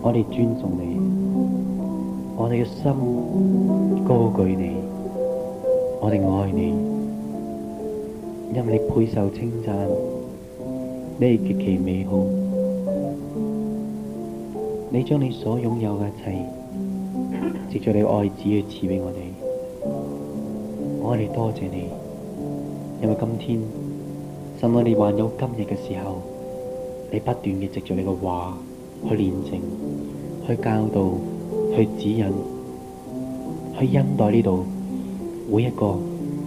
我哋尊重你，我哋嘅心高舉你，我哋愛你，因為你配受稱讚，你係極其美好，你你將你所擁有嘅一切，藉着你嘅愛子去賜俾我哋，我哋多謝你，因為今天，甚至你還有今日嘅時候，你不斷嘅藉住你嘅話。去練靜，去教導，去指引，去恩待呢度每一個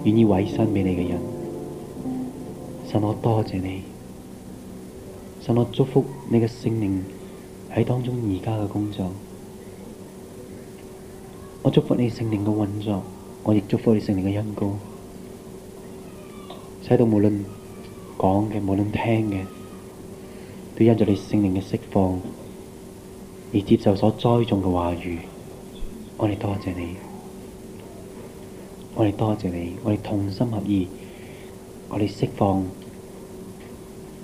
願意委身畀你嘅人。神我多謝你，神我祝福你嘅聖靈喺當中而家嘅工作。我祝福你聖靈嘅運作，我亦祝福你聖靈嘅恩膏，使到無論講嘅，無論聽嘅，都因著你聖靈嘅釋放。而接受所栽種嘅話語，我哋多謝你，我哋多謝你，我哋同心合意，我哋釋放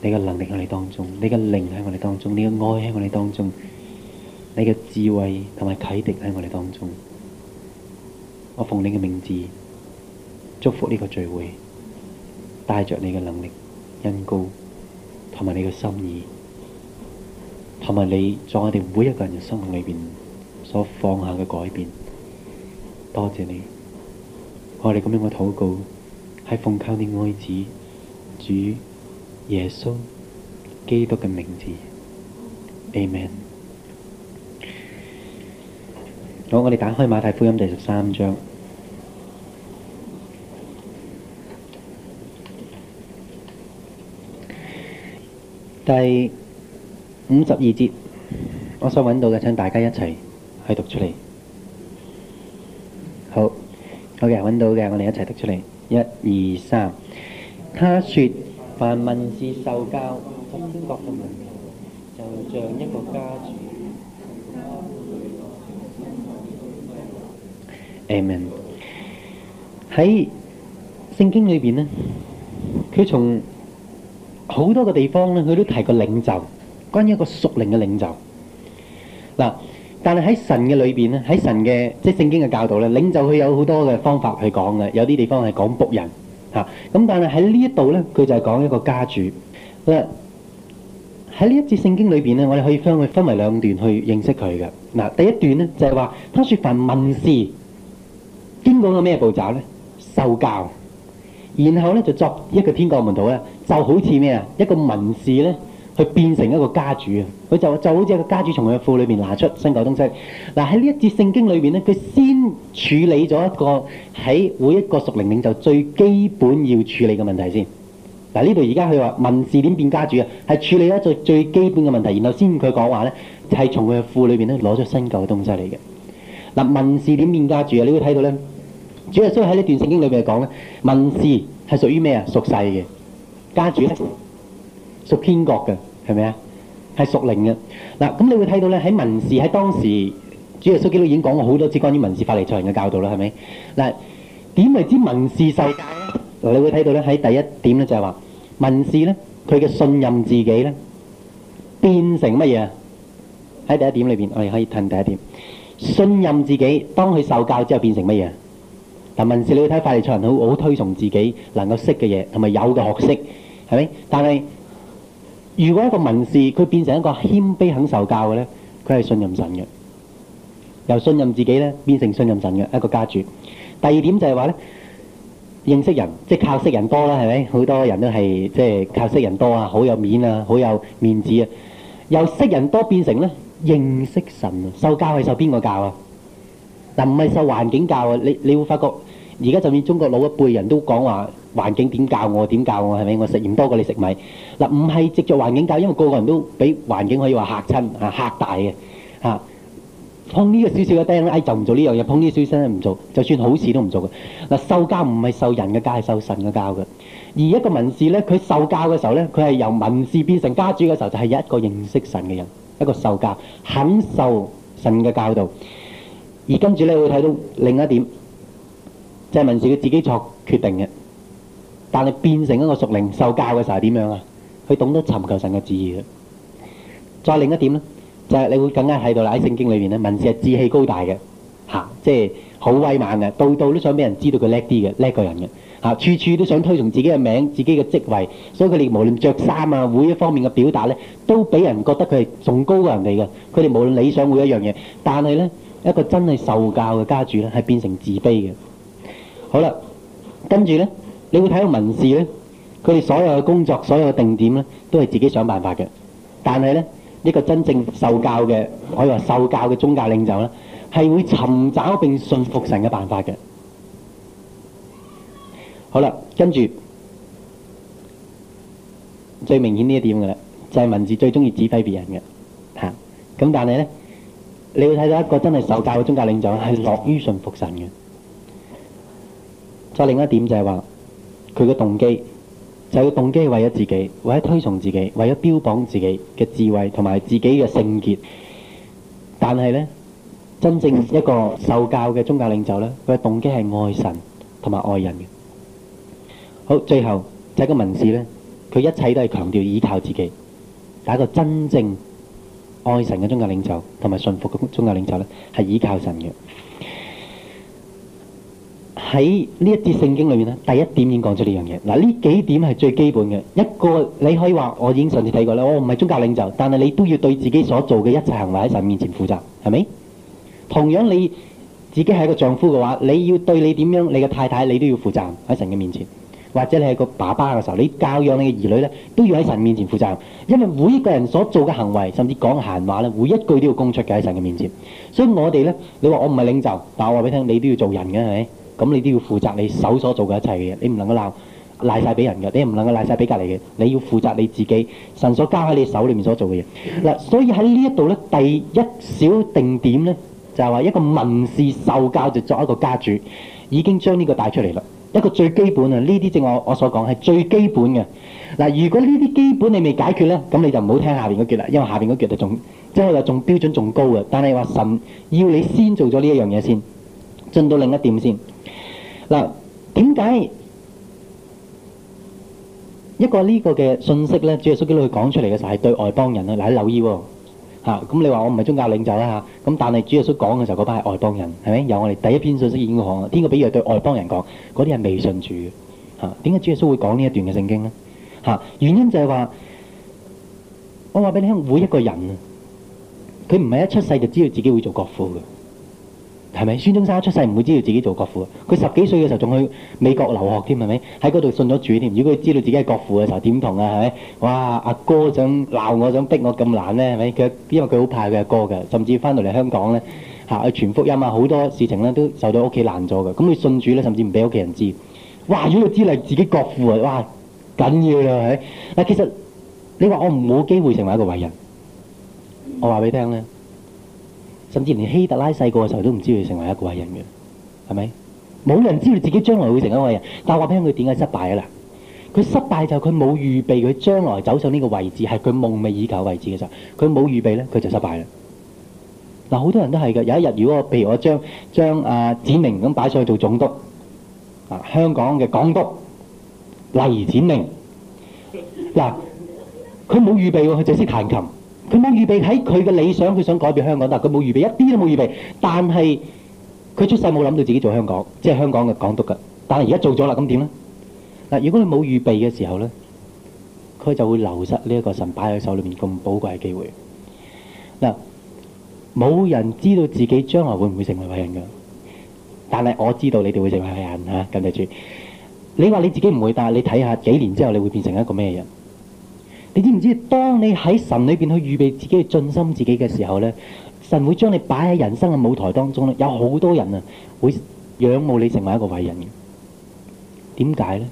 你嘅能力喺我哋當中，你嘅靈喺我哋當中，你嘅愛喺我哋當中，你嘅智慧同埋啟迪喺我哋當中。我奉你嘅名字，祝福呢個聚會，帶着你嘅能力、恩膏同埋你嘅心意。同埋你，在我哋每一個人嘅生命裏邊所放下嘅改變，多謝你。我哋咁樣嘅禱告，係奉靠你愛子主耶穌基督嘅名字，Amen。好，我哋打開馬太福音第十三章，第。五十二節，我想揾到嘅，請大家一齊去讀出嚟。好，OK，揾到嘅，我哋一齊讀出嚟。一、二、三，他說：凡問事受教，就像一個家族。Amen。喺聖經裏邊咧，佢從好多個地方咧，佢都提過領袖。關於一個屬靈嘅領袖嗱，但係喺神嘅裏邊咧，喺神嘅即係聖經嘅教導咧，領袖佢有好多嘅方法去講嘅，有啲地方係講僕人嚇，咁但係喺呢一度咧，佢就係講一個家主嗱。喺呢一節聖經裏邊咧，我哋可以將佢分為兩段去認識佢嘅嗱。第一段咧就係話，他説凡文士經過個咩步驟咧？受教，然後咧就作一個天國門徒咧，就好似咩啊？一個文士咧。佢變成一個家主啊！佢就就好似一個家主，從佢嘅庫裏邊拿出新舊東西。嗱喺呢一節聖經裏面咧，佢先處理咗一個喺每一個屬靈領袖最基本要處理嘅問題先。嗱呢度而家佢話文士點變家主啊？係處理一個最最基本嘅問題，然後先佢講話咧，係、就係、從佢嘅庫裏邊咧攞出新舊東西嚟嘅。嗱文士點變家主啊？你會睇到咧，主耶穌喺呢段聖經裏面講咧，文士係屬於咩啊？屬世嘅家主咧，屬天國嘅。係咪啊？係屬靈嘅。嗱，咁你會睇到咧喺文士喺當時，主耶穌基督已經講過好多次關於文士法利賽人嘅教導啦，係咪？嗱，點為之文士受教咧？嗱，你會睇到咧喺第一點咧就係話文士咧佢嘅信任自己咧變成乜嘢？喺第一點裏邊，我哋可以睇第一點信任自己，當佢受教之後變成乜嘢？嗱，文士你會睇法利賽人好好推崇自己能夠識嘅嘢同埋有嘅學識，係咪？但係如果一個文士佢變成一個謙卑肯受教嘅咧，佢係信任神嘅，由信任自己咧變成信任神嘅一個家主。第二點就係話咧，認識人即係靠識人多啦，係咪？好多人都係即係靠識人多啊，好有面啊，好有面子啊。由識人多變成咧認識神啊，受教係受邊個教啊？嗱，唔係受環境教啊，你你會發覺而家就算中國老一輩人都講話。環境點教我？點教我係咪？我食鹽多過你食米嗱，唔係藉著環境教，因為個個人都俾環境可以話嚇親、啊、嚇大嘅嚇、啊。碰呢個小小嘅釘咧、哎，就唔做呢樣嘢；碰呢啲小釘咧，唔做，就算好事都唔做嘅嗱、啊。受教唔係受人嘅教，係受神嘅教嘅。而一個文士咧，佢受教嘅時候咧，佢係由文士變成家主嘅時候，就係、是、一個認識神嘅人，一個受教肯受神嘅教導。而跟住咧，會睇到另一點，即係文士佢自己作決定嘅。但係變成一個屬靈受教嘅時候係點樣啊？佢懂得尋求神嘅旨意啦。再另一點咧，就係你會更加喺度啦。喺聖經裏邊咧，文士係志氣高大嘅嚇，即係好威猛嘅，度度都想俾人知道佢叻啲嘅叻個人嘅嚇，處處都想推崇自己嘅名、自己嘅職位，所以佢哋無論著衫啊、每一方面嘅表達咧，都俾人覺得佢係仲高過人哋嘅。佢哋無論理想會一樣嘢，但係咧一個真係受教嘅家主咧，係變成自卑嘅。好啦，跟住咧。你會睇到文士咧，佢哋所有嘅工作、所有嘅定點咧，都係自己想辦法嘅。但係咧，呢個真正受教嘅，可以話受教嘅宗教領袖咧，係會尋找並順服神嘅辦法嘅。好啦，跟住最明顯呢一點嘅啦，就係文士最中意指揮別人嘅嚇。咁但係咧，你要睇到一個真係受教嘅宗教領袖，係樂於順服神嘅。再另一點就係話。佢嘅動機就係個動機係為咗自己，為咗推崇自己，為咗標榜自己嘅智慧同埋自己嘅聖潔。但係呢，真正一個受教嘅宗教領袖呢，佢嘅動機係愛神同埋愛人嘅。好，最後就係個文士呢，佢一切都係強調依靠自己。但係一個真正愛神嘅宗教領袖同埋信服嘅宗教領袖呢，係依靠神嘅。喺呢一節聖經裏面咧，第一點已經講出呢樣嘢嗱。呢幾點係最基本嘅一個，你可以話我已經上次睇過啦。我唔係宗教領袖，但係你都要對自己所做嘅一切行為喺神面前負責，係咪？同樣，你自己係一個丈夫嘅話，你要對你點樣你嘅太太，你都要負責喺神嘅面前。或者你係個爸爸嘅時候，你教養你嘅兒女咧，都要喺神面前負責任，因為每一個人所做嘅行為，甚至講閒話咧，每一句都要供出嘅喺神嘅面前。所以我哋咧，你話我唔係領袖，但我話俾你聽，你都要做人嘅，係咪？咁你都要負責你手所做嘅一切嘅嘢，你唔能夠鬧賴晒俾人嘅，你唔能夠賴晒俾隔離嘅，你要負責你自己神所交喺你手裏面所做嘅嘢嗱，所以喺呢一度咧，第一小定點咧就係話一個民事受教就作一個家主已經將呢個帶出嚟啦，一個最基本啊，呢啲正我我所講係最基本嘅嗱，如果呢啲基本你未解決咧，咁你就唔好聽下邊嗰句啦，因為下邊嗰句係仲即係話仲標準仲高嘅，但係話神要你先做咗呢一樣嘢先進到另一點先。嗱，點解一個呢個嘅信息咧？主耶穌基督佢講出嚟嘅時候係對外邦人啊！嗱，你留意喎，嚇咁你話我唔係宗教領袖啦嚇，咁但係主耶穌講嘅時候嗰班係外邦人，係咪？由我哋第一篇信息已經講，天國比喻係對外邦人講，嗰啲係未信主嘅嚇。點解主耶穌會講呢一段嘅聖經咧？嚇，原因就係話我話俾你聽，每一個人佢唔係一出世就知道自己會做國父嘅。係咪孫中山出世唔會知道自己做國父？佢十幾歲嘅時候仲去美國留學添，係咪？喺嗰度信咗主添。如果佢知道自己係國父嘅時候，點同啊？係咪？哇！阿哥想鬧我，想逼我咁難咧，係咪？佢因為佢好怕佢阿哥嘅，甚至返到嚟香港咧嚇，去傳福音啊，好多事情咧都受到屋企攔阻嘅。咁佢信主咧，甚至唔俾屋企人知。哇！如果佢知嚟自己國父啊，哇！緊要啦，係嗱。其實你話我唔冇機會成為一個偉人，我話俾你聽咧。甚至連希特拉細個嘅時候都唔知佢成為一個偉人嘅，係咪？冇人知道自己將來會成為一個偉人，但話俾佢聽佢點解失敗啊啦？佢失敗就係佢冇預備，佢將來走上呢個位置係佢夢寐以求位置嘅時候，佢冇預備咧，佢就失敗啦。嗱、啊，好多人都係嘅。有一日如果譬如我將將阿展明咁擺上去做總督，啊香港嘅港督，例如展明，嗱、啊，佢冇預備喎，佢就識彈琴。佢冇預備喺佢嘅理想，佢想改變香港，但係佢冇預備，一啲都冇預備。但係佢出世冇諗到自己做香港，即係香港嘅港督㗎。但係而家做咗啦，咁點呢？嗱，如果佢冇預備嘅時候呢，佢就會流失呢一個神擺喺手裏面咁寶貴嘅機會。嗱，冇人知道自己將來會唔會成為偉人㗎。但係我知道你哋會成為偉人嚇，記住。你話你自己唔會，但係你睇下幾年之後，你會變成一個咩人？你知唔知？當你喺神裏邊去預備自己去盡心，自己嘅時候，呢神會將你擺喺人生嘅舞台當中。呢有好多人啊，會仰慕你成為一個偉人嘅。點解呢？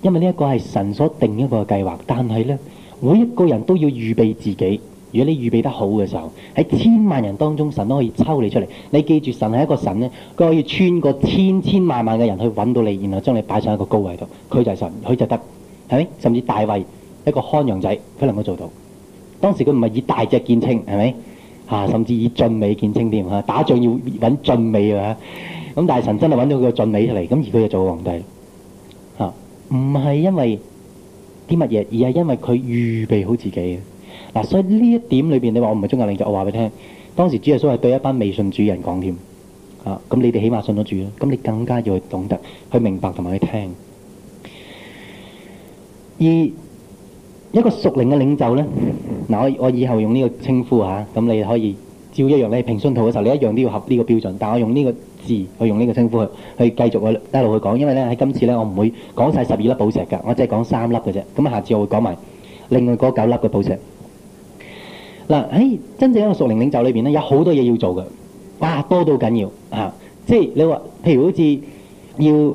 因為呢一個係神所定一個計劃，但係呢，每一個人都要預備自己。如果你預備得好嘅時候，喺千萬人當中，神都可以抽你出嚟。你記住，神係一個神，呢佢可以穿過千千萬萬嘅人去揾到你，然後將你擺上一個高位度。佢就係神，佢就得，係咪？甚至大衞。一個看羊仔，佢能夠做到。當時佢唔係以大隻見稱，係咪？嚇，甚至以俊美見稱添嚇。打仗要揾俊美㗎嚇。咁大臣真係揾到佢個俊美出嚟，咁而佢就做皇帝嚇。唔係因為啲乜嘢，而係因為佢預備好自己。嗱，所以呢一點裏邊，你話我唔係中國領袖，我話俾你聽。當時主耶穌係對一班未信主嘅人講添嚇。咁你哋起碼信咗主啦，咁你更加要去懂得去明白同埋去聽。二一個屬靈嘅領袖呢，嗱，我我以後用呢個稱呼吓，咁、啊、你可以照一樣咧，平信徒嘅時候，你一樣都要合呢個標準。但我用呢個字去用呢個稱呼去去繼續去一路去講，因為呢喺今次呢，我唔會講晒十二粒寶石㗎，我淨係講三粒嘅啫。咁下次我會講埋另外嗰九粒嘅寶石。嗱，喺真正一個屬靈領袖裏邊呢，有好多嘢要做嘅，哇多到緊要啊！即係你話，譬如好似要。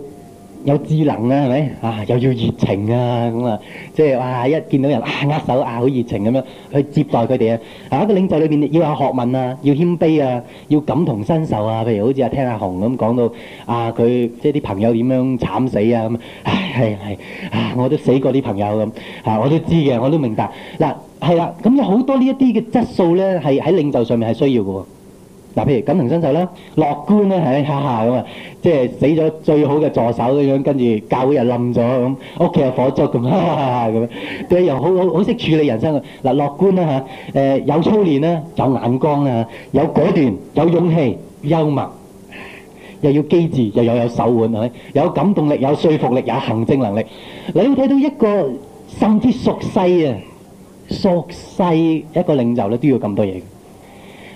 有智能啊，係咪啊？又要熱情啊，咁啊，即係哇！一見到人啊，握手啊，好熱情咁樣去接待佢哋啊！啊，一個領袖裏面要有學問啊，要謙卑啊，要感同身受啊。譬如好似阿聽阿紅咁講到啊，佢即係啲朋友點樣慘死啊咁啊，係係啊，我都死過啲朋友咁啊，我都知嘅，我都明白。嗱，啊，係啦，咁有好多呢一啲嘅質素咧，係喺領袖上面係需要嘅。嗱，譬如感情生就啦，樂觀啦，喺哈哈咁啊，即係死咗最好嘅助手咁樣，跟住教會又冧咗咁，屋企又火燭咁，哈哈咁，即係又好好好識處理人生嘅。嗱，樂觀啦吓，誒有操練啦，有眼光啦，有果斷，有勇氣，幽默，又要機智，又又有手腕，有感動力，有說服力，有行政能力。你要睇到一個甚至縮細啊，縮細一個領袖咧，都要咁多嘢。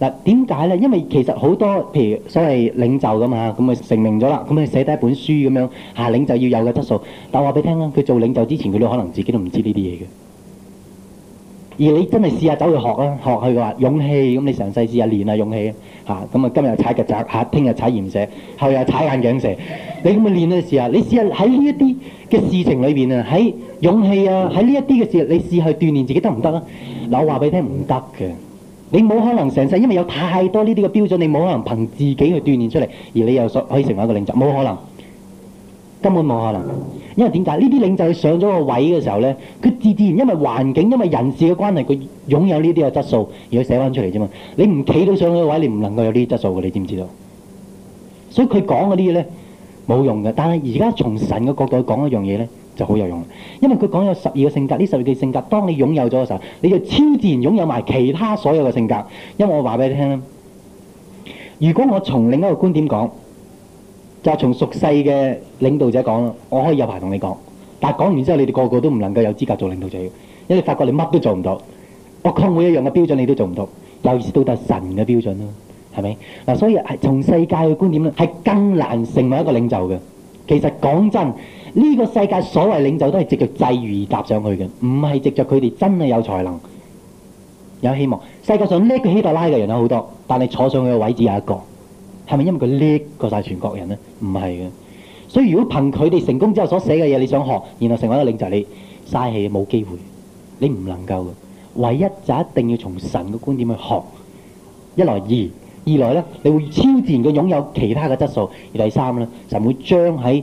嗱點解咧？因為其實好多譬如所謂領袖咁啊，咁啊成名咗啦，咁啊寫低一本書咁樣，下領袖要有嘅質素。但我話俾你聽啦，佢做領袖之前，佢都可能自己都唔知呢啲嘢嘅。而你真係試下走去學啊，學去話勇氣咁，你嘗試試下練啊勇氣啊嚇。咁啊，今日踩曱甴嚇，聽日踩鹽蛇，後日踩眼鏡蛇。你咁啊練嘅時候，你試下喺呢一啲嘅事情裏邊啊，喺勇氣啊，喺呢一啲嘅事，你試去鍛鍊自己得唔得啊？嗱，我話俾你聽，唔得嘅。你冇可能成世，因為有太多呢啲嘅標準，你冇可能憑自己去鍛鍊出嚟，而你又可以成為一個領袖，冇可能，根本冇可能。因為點解呢啲領袖上咗個位嘅時候咧，佢自自然因為環境、因為人事嘅關係，佢擁有呢啲嘅質素，而佢寫翻出嚟啫嘛。你唔企到上去嘅位，你唔能夠有呢啲質素嘅，你知唔知道？所以佢講嗰啲嘢咧冇用嘅，但係而家從神嘅角度去講一樣嘢咧，就好有用，因為佢講有十二個性格，呢十二嘅性格，當你擁有咗嘅時候，你就超自然擁有埋其他所有嘅性格。因為我話俾你聽啦，如果我從另一個觀點講，就係從俗世嘅領導者講啦，我可以有排同你講，但係講完之後，你哋個個都唔能夠有資格做領導者嘅，因為發覺你乜都做唔到，我講每一樣嘅標準你都做唔到，尤其是到達神嘅標準咯，係咪嗱？所以係從世界嘅觀點咧，係更難成為一個領袖嘅。其實講真。呢個世界所謂領袖都係藉著際遇而搭上去嘅，唔係藉著佢哋真係有才能、有希望。世界上叻過希特拉嘅人有好多，但係坐上去嘅位置有一個，係咪因為佢叻過晒全國人呢？唔係嘅。所以如果憑佢哋成功之後所寫嘅嘢，你想學，然後成為一個領袖，你嘥氣冇機會，你唔能夠嘅。唯一就一定要從神嘅觀點去學，一來二，二來呢，你會超自然嘅擁有其他嘅質素。而第三呢，神會將喺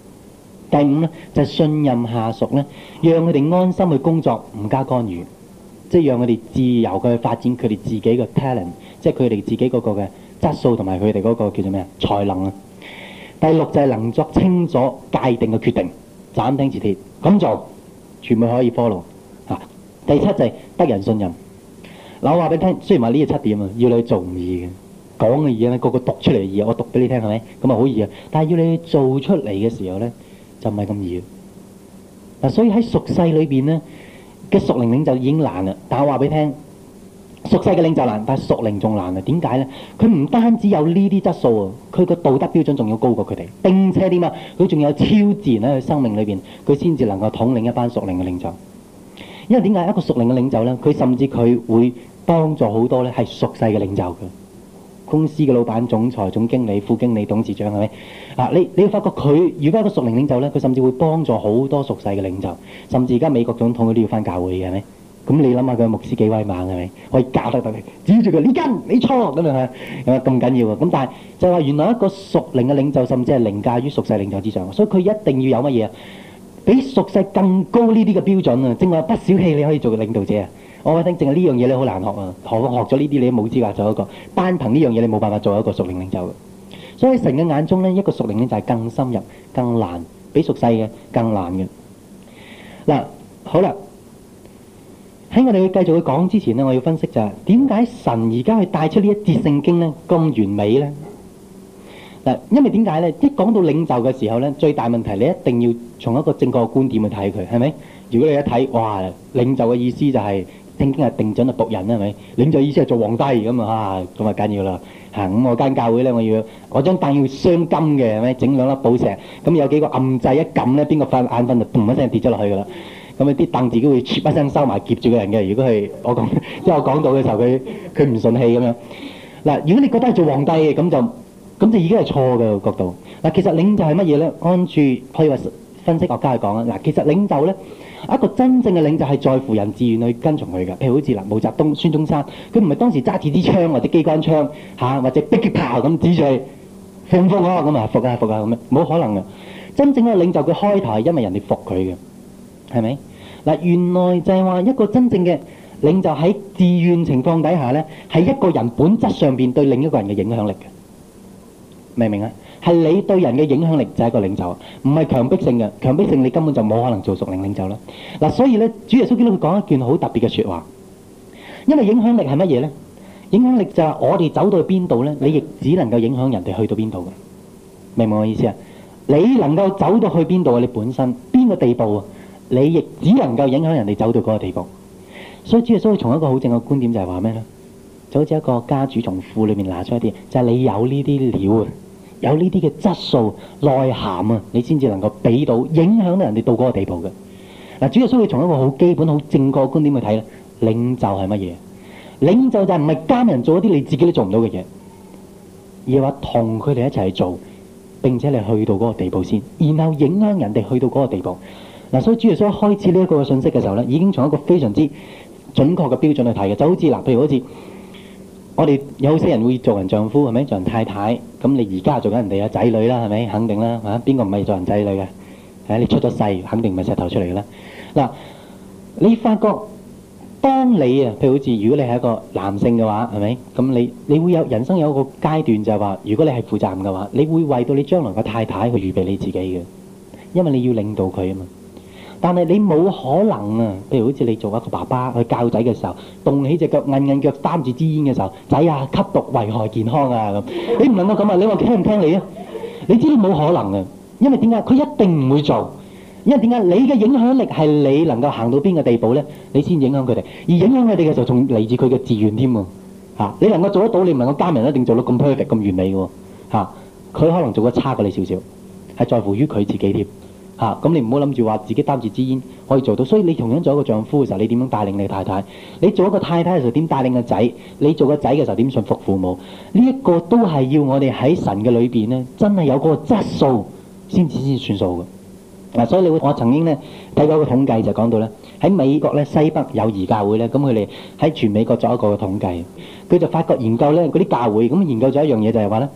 第五咧就係、信任下屬咧，讓佢哋安心去工作，唔加干預，即、就、係、係、讓佢哋自由嘅去發展佢哋自己嘅 talent，即係佢哋自己嗰個嘅質素同埋佢哋嗰個叫做咩啊才能啊。第六就係、係、能作清楚界定嘅決定，斬釘截鐵咁做，全部可以 follow 啊。第七就係得人信任。嗱，我話俾你聽，雖然話呢個七點啊，要你做唔易嘅講嘅嘢咧，個個讀出嚟嘅嘢，我讀俾你聽係咪咁啊？好易啊，但係要你做出嚟嘅時候咧。就唔係咁易。嗱，所以喺屬世裏邊咧，嘅屬靈領袖已經難啦。但係我話俾你聽，屬世嘅領袖難，但係屬靈仲難啊？點解咧？佢唔單止有呢啲質素喎，佢個道德標準仲要高過佢哋，並且點啊？佢仲有超自然喺佢生命裏邊，佢先至能夠統領一班屬靈嘅領袖。因為點解一個屬靈嘅領袖咧，佢甚至佢會幫助好多咧，係屬世嘅領袖嘅。公司嘅老闆、總裁、總經理、副經理、董事長係咪？啊，你你要發覺佢如果係個屬靈領袖呢，佢甚至會幫助好多屬世嘅領袖，甚至而家美國總統佢都要返教會嘅，係咪？咁你諗下佢個牧師幾威猛係咪？可以教得到佢，指住佢呢根你錯咁樣嚇，咁緊要啊！咁但係就係話原來一個屬靈嘅領袖，甚至係凌駕於屬世領袖之上，所以佢一定要有乜嘢啊？比屬世更高呢啲嘅標準啊！正話不小氣，你可以做領導者啊！我覺得淨係呢樣嘢咧好難學啊！學，學咗呢啲，你都冇資格做一個單憑呢樣嘢，你冇辦法做一個屬靈領袖。所以喺神嘅眼中咧，一個屬靈領袖就係更深入、更難，比屬世嘅更難嘅。嗱，好啦，喺我哋去繼續去講之前咧，我要分析就係點解神而家去帶出一節聖呢一節聖經咧咁完美咧？嗱，因為點解咧？一講到領袖嘅時候咧，最大問題，你一定要從一個正確嘅觀點去睇佢，係咪？如果你一睇，哇，領袖嘅意思就係、是。聽日定準就僕人啦，係咪？領袖意思係做皇帝咁啊，咁啊緊要啦。行咁我間教會咧，我要我張凳要鑲金嘅，係咪？整兩粒寶石，咁有幾個暗掣一撳咧，邊個瞓眼瞓就嘣一聲跌咗落去㗎啦。咁啊啲凳自己會切一聲收埋夾住個人嘅。如果係我講，即係我講到嘅時候，佢佢唔順氣咁樣。嗱，如果你覺得係做皇帝嘅咁就咁就已經係錯嘅角度。嗱，其實領袖係乜嘢咧？按住可以話分析國家去講啦。嗱，其實領袖咧。一個真正嘅領袖係在乎人自願去跟從佢嘅，譬如好似嗱，毛澤東、孫中山，佢唔係當時揸住支槍或者機關槍嚇，或者迫擊炮咁，指住你服唔服嗰個咁啊，服啊服啊咁樣，冇可能嘅。真正嘅領袖，佢開頭係因為人哋服佢嘅，係咪？嗱，原來就係話一個真正嘅領袖喺自願情況底下咧，係一個人本質上面對另一個人嘅影響力嘅，明唔明啊？係你對人嘅影響力就係個領袖，唔係強迫性嘅。強迫性你根本就冇可能做熟領領袖啦。嗱、啊，所以咧，主耶穌基督講一件好特別嘅説話，因為影響力係乜嘢咧？影響力就係我哋走到去邊度咧，你亦只能夠影響人哋去到邊度嘅。明唔明我意思啊？你能夠走到去邊度啊？你本身邊個地步啊？你亦只能夠影響人哋走到嗰個地步。所以主耶穌從一個好正嘅觀點就係話咩咧？就好似一個家主從庫裏面拿出一啲，就係、是、你有呢啲料啊！有呢啲嘅質素內涵啊，你先至能夠俾到影響到人哋到嗰個地步嘅。嗱，主要需要從一個好基本、好正確嘅觀點去睇咧。領袖係乜嘢？領袖就係唔係監人做一啲你自己都做唔到嘅嘢，而係話同佢哋一齊去做，並且你去到嗰個地步先，然後影響人哋去到嗰個地步。嗱，所以主耶穌開始呢一個嘅信息嘅時候咧，已經從一個非常之準確嘅標準去睇嘅，就好似嗱，譬如好似。我哋有些人會做人丈夫，係咪做人太太咁？你而家做緊人哋嘅仔女啦，係咪肯定啦嚇？邊個唔係做人仔女嘅？誒、啊，你出咗世，肯定唔係石頭出嚟嘅啦。嗱、啊，你發覺當你啊，譬如好似如果你係一個男性嘅話，係咪咁？你你會有人生有一個階段就係話，如果你係負責任嘅話，你會為到你將來嘅太太去預備你自己嘅，因為你要領導佢啊嘛。但係你冇可能啊！譬如好似你做一個爸爸去教仔嘅時候，動起隻腳韌韌腳擔住支煙嘅時候，仔啊吸毒危害健康啊咁，你唔能夠咁啊！你話聽唔聽你啊？你知道冇可能啊！因為點解？佢一定唔會做，因為點解？你嘅影響力係你能夠行到邊個地步呢，你先影響佢哋，而影響佢哋嘅時候仲嚟自佢嘅志願添喎嚇！你能夠做得到，你唔能夠教人一定做到咁 perfect 咁完美喎嚇！佢可能做得差過你少少，係在乎於佢自己添。嚇！咁你唔好諗住話自己擔住支煙可以做到，所以你同樣做一個丈夫嘅時候，你點樣帶領你嘅太太？你做一個太太嘅時候點帶領個仔？你做個仔嘅時候點順服父母？呢一個都係要我哋喺神嘅裏邊咧，真係有嗰個質素先至先算數嘅。嗱，所以你我曾經咧睇過個統計就講到咧，喺美國咧西北友誼教會咧，咁佢哋喺全美國做一個統計，佢就發覺研究咧嗰啲教會咁研究咗一樣嘢就係話咧，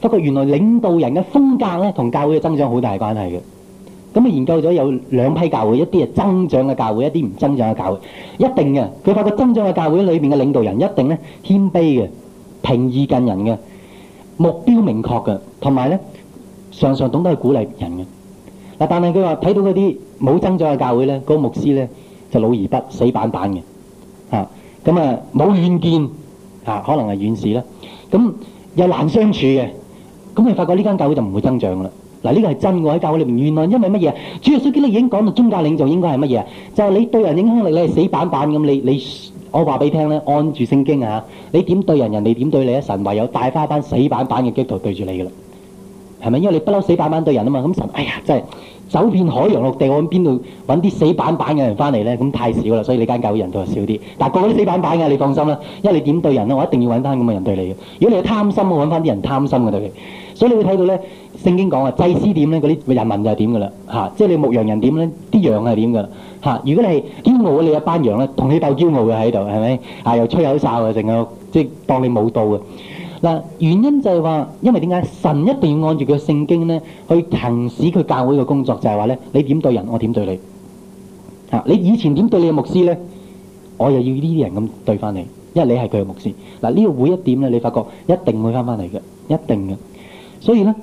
不過原來領導人嘅風格咧同教會嘅增長好大關係嘅。咁啊研究咗有兩批教會，一啲係增長嘅教會，一啲唔增長嘅教會。一定嘅，佢發覺增長嘅教會裏面嘅領導人一定咧謙卑嘅、平易近人嘅、目標明確嘅，同埋咧常常懂得去鼓勵人嘅。嗱，但係佢話睇到嗰啲冇增長嘅教會咧，嗰個牧師咧就老而不死板板嘅，啊，咁啊冇遠見啊，可能係遠視啦，咁又難相處嘅，咁佢發覺呢間教會就唔會增長啦。嗱，呢個係真嘅，喺教會裏邊，原來因為乜嘢？主耶穌基督已經講到，宗教領袖應該係乜嘢？就係你對人影響力，你係死板板咁。你你，我話俾你聽咧，按住聖經啊，你點對人，人哋點對你啊！神唯有帶返一班死板板嘅基督徒對住你嘅啦，係咪？因為你不嬲死板板對人啊嘛，咁神哎呀真係。走遍海洋陸地，我揾邊度揾啲死板板嘅人翻嚟咧？咁太少啦，所以你間教會人數少啲。但係嗰啲死板板嘅，你放心啦，因為你點對人咧，我一定要揾返咁嘅人對你嘅。如果你係貪心，我揾翻啲人貪心嘅對你。所以你會睇到咧，聖經講啊，祭司點咧，嗰啲人民就係點㗎啦，嚇、啊！即係你牧羊人點咧，啲羊係點㗎啦，嚇、啊！如果你係驕傲，你一班羊咧，同你鬥驕傲嘅喺度，係咪？啊，又吹口哨啊，成個即係當你冇到啊！嗱，原因就係話，因為點解神一定要按住佢嘅聖經咧去行使佢教會嘅工作，就係話咧，你點對人，我點對你。嚇，你以前點對你嘅牧師咧，我又要呢啲人咁對翻你，因為你係佢嘅牧師。嗱，呢個會一點咧，你發覺一定會翻翻嚟嘅，一定嘅。所以咧，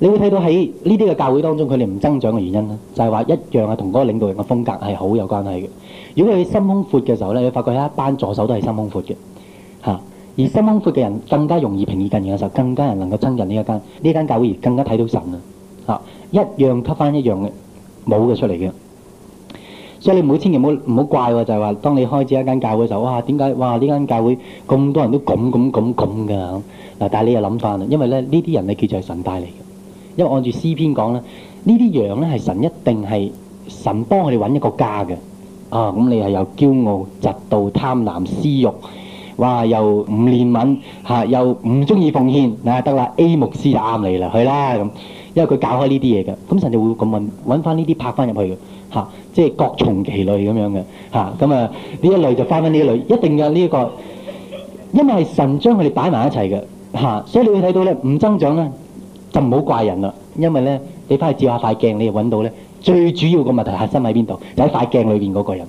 你會睇到喺呢啲嘅教會當中，佢哋唔增長嘅原因咧，就係話一樣係同嗰個領導人嘅風格係好有關係嘅。如果你心胸闊嘅時候咧，你發覺一班助手都係心胸闊嘅，嚇。而心胸闊嘅人更加容易平易近人嘅時候，更加人能夠親近呢一間呢間教會，而更加睇到神啊！啊，一樣吸翻一樣嘅，冇嘅出嚟嘅。所以你唔好千祈唔好唔好怪，就係話當你開始一間教會嘅時候，哇！點解哇呢間教會咁多人都咁咁咁咁㗎？嗱，但係你又諗翻啦，因為咧呢啲人你叫做係神帶嚟，因為按住詩篇講咧，呢啲羊咧係神一定係神幫佢哋搵一個家嘅。啊，咁你係由驕傲、嫉妒、貪婪、私欲。哇！又唔憐憫嚇，又唔中意奉獻嗱，得、啊、啦 A 牧師就啱你啦，去啦咁、啊，因為佢搞開呢啲嘢嘅，咁、啊、神就會咁揾揾翻呢啲拍翻入去嘅嚇、啊，即係各從其類咁樣嘅嚇，咁啊呢、啊、一類就翻翻呢一類，一定嘅呢一個，因為係神將佢哋擺埋一齊嘅嚇，所以你會睇到咧唔增長咧就唔好怪人啦，因為咧你翻去照下塊鏡，你就揾到咧最主要嘅問題核心喺邊度？就喺、是、塊鏡裏邊嗰個人，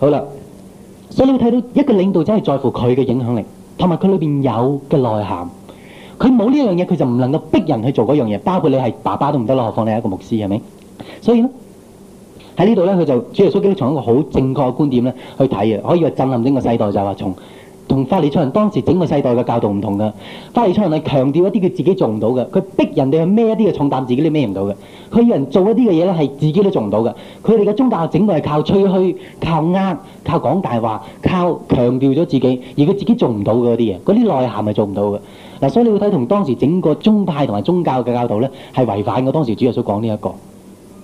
好啦。所以你會睇到一個領導真係在乎佢嘅影響力，同埋佢裏邊有嘅內涵。佢冇呢樣嘢，佢就唔能夠逼人去做嗰樣嘢。包括你係爸爸都唔得咯，何況你係一個牧師係咪？所以咧，喺呢度咧，佢就主耶穌基督從一個好正確嘅觀點咧去睇啊，可以話震撼整個世代就係話從。同法利賽人當時整個世代嘅教導唔同噶，法利賽人係強調一啲佢自己做唔到嘅，佢逼人哋去孭一啲嘅重擔，自己都孭唔到嘅。佢要人做一啲嘅嘢咧，係自己都做唔到嘅。佢哋嘅宗教整個係靠吹噓、靠呃、靠講大話、靠強調咗自己，而佢自己做唔到嗰啲嘢，嗰啲內涵係做唔到嘅。嗱、啊，所以你會睇同當時整個宗派同埋宗教嘅教導咧，係違反嘅當時主耶穌所講呢一個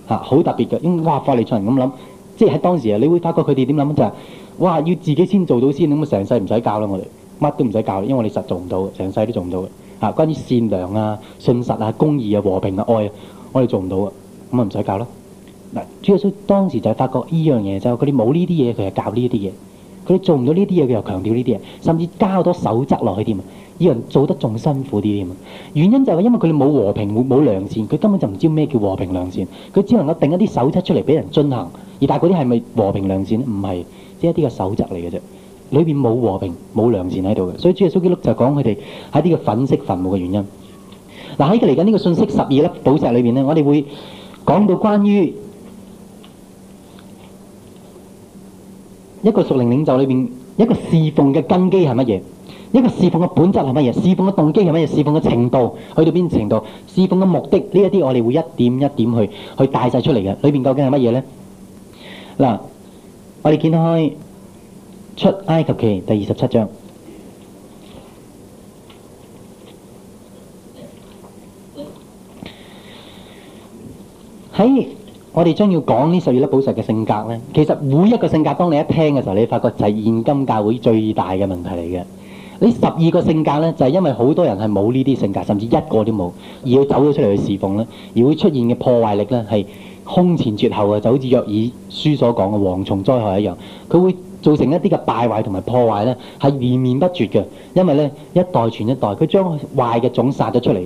嚇，好、啊、特別嘅。因為哇，法利賽人咁諗，即係喺當時啊，你會發覺佢哋點諗就係、是。哇！要自己先做到先，咁啊成世唔使教啦。我哋乜都唔使教，因為我哋實做唔到，成世都做唔到嘅嚇、啊。關於善良啊、信實啊、公義啊、和平啊、愛啊，我哋做唔到啊。咁啊唔使教啦嗱。主耶穌當時就係發覺依樣嘢就係佢哋冇呢啲嘢，佢係教呢啲嘢。佢哋做唔到呢啲嘢，佢又強調呢啲嘢，甚至加好多守則落去添啊！依樣做得仲辛苦啲添。原因就係因為佢哋冇和平冇良善，佢根本就唔知咩叫和平良善，佢只能夠定一啲守則出嚟俾人進行，而但係嗰啲係咪和平良善？唔係。一啲嘅守則嚟嘅啫，裏邊冇和平、冇良善喺度嘅，所以主耶穌記錄就係講佢哋喺啲嘅粉飾墳墓嘅原因。嗱，喺嚟緊呢個信息十二粒寶石裏邊咧，我哋會講到關於一個屬靈領袖裏邊一個侍奉嘅根基係乜嘢，一個侍奉嘅本質係乜嘢，侍奉嘅動機係乜嘢，侍奉嘅程度去到邊程度，侍奉嘅目的，呢一啲我哋會一點一點去去帶曬出嚟嘅，裏邊究竟係乜嘢咧？嗱。我哋見開出埃及記第二十七章。喺我哋將要講呢十二粒寶石嘅性格咧，其實每一個性格，當你一聽嘅時候，你發覺就係現今教會最大嘅問題嚟嘅。呢十二個性格咧，就係因為好多人係冇呢啲性格，甚至一個都冇，而要走咗出嚟去侍奉咧，而會出現嘅破壞力咧係，空前絕後啊，就好似約珥書所講嘅蝗蟲災害一樣，佢會造成一啲嘅敗壞同埋破壞咧，係連綿不絕嘅。因為咧一代傳一代，佢將壞嘅種撒咗出嚟，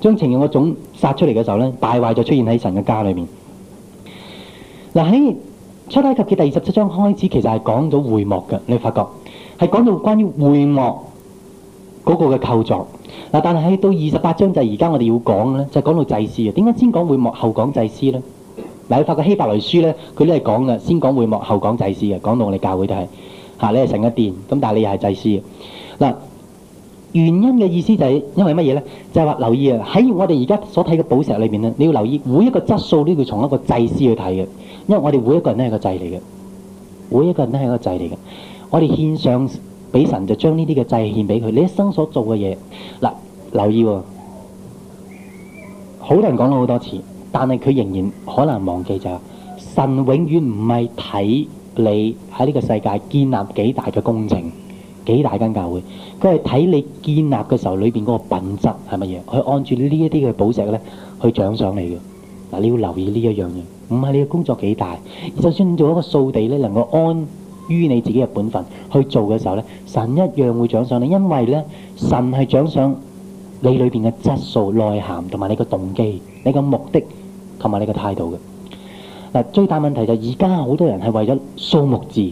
將邪惡嘅種撒出嚟嘅時候咧，敗壞就出現喺神嘅家裏面。嗱，喺出埃及記第二十七章開始，其實係講到會幕嘅，你發覺係講到關於會幕嗰個嘅構作嗱、啊，但係到二十八章就係而家我哋要講嘅咧，就係、是、講到祭司啊。點解先講會幕後講祭司咧？你會發覺希伯來書咧，佢都係講嘅，先講會幕，後講祭司嘅。講到我哋教會都係，嚇、啊、你係成個殿，咁但係你又係祭司嘅。嗱、啊，原因嘅意思就係因為乜嘢咧？就係、是、話留意啊！喺我哋而家所睇嘅寶石裏邊咧，你要留意每一個質素都要從一個祭司去睇嘅，因為我哋每一個人都係個祭嚟嘅，每一個人都係一個祭嚟嘅。我哋獻上俾神就將呢啲嘅祭獻俾佢，你一生所做嘅嘢，嗱、啊、留意喎、哦，好多人講咗好多次。但係佢仍然可能忘記就係神永遠唔係睇你喺呢個世界建立幾大嘅工程、幾大間教會，佢係睇你建立嘅時候裏邊嗰個品質係乜嘢，佢按住呢一啲嘅寶石咧去獎賞你嘅嗱。你要留意呢一樣嘢，唔係你嘅工作幾大，就算你做一個掃地咧，能夠安於你自己嘅本分去做嘅時候咧，神一樣會獎賞你，因為咧神係獎賞你裏邊嘅質素、內涵同埋你嘅動機、你嘅目的。同埋你個態度嘅嗱，最大問題就係而家好多人係為咗數目字、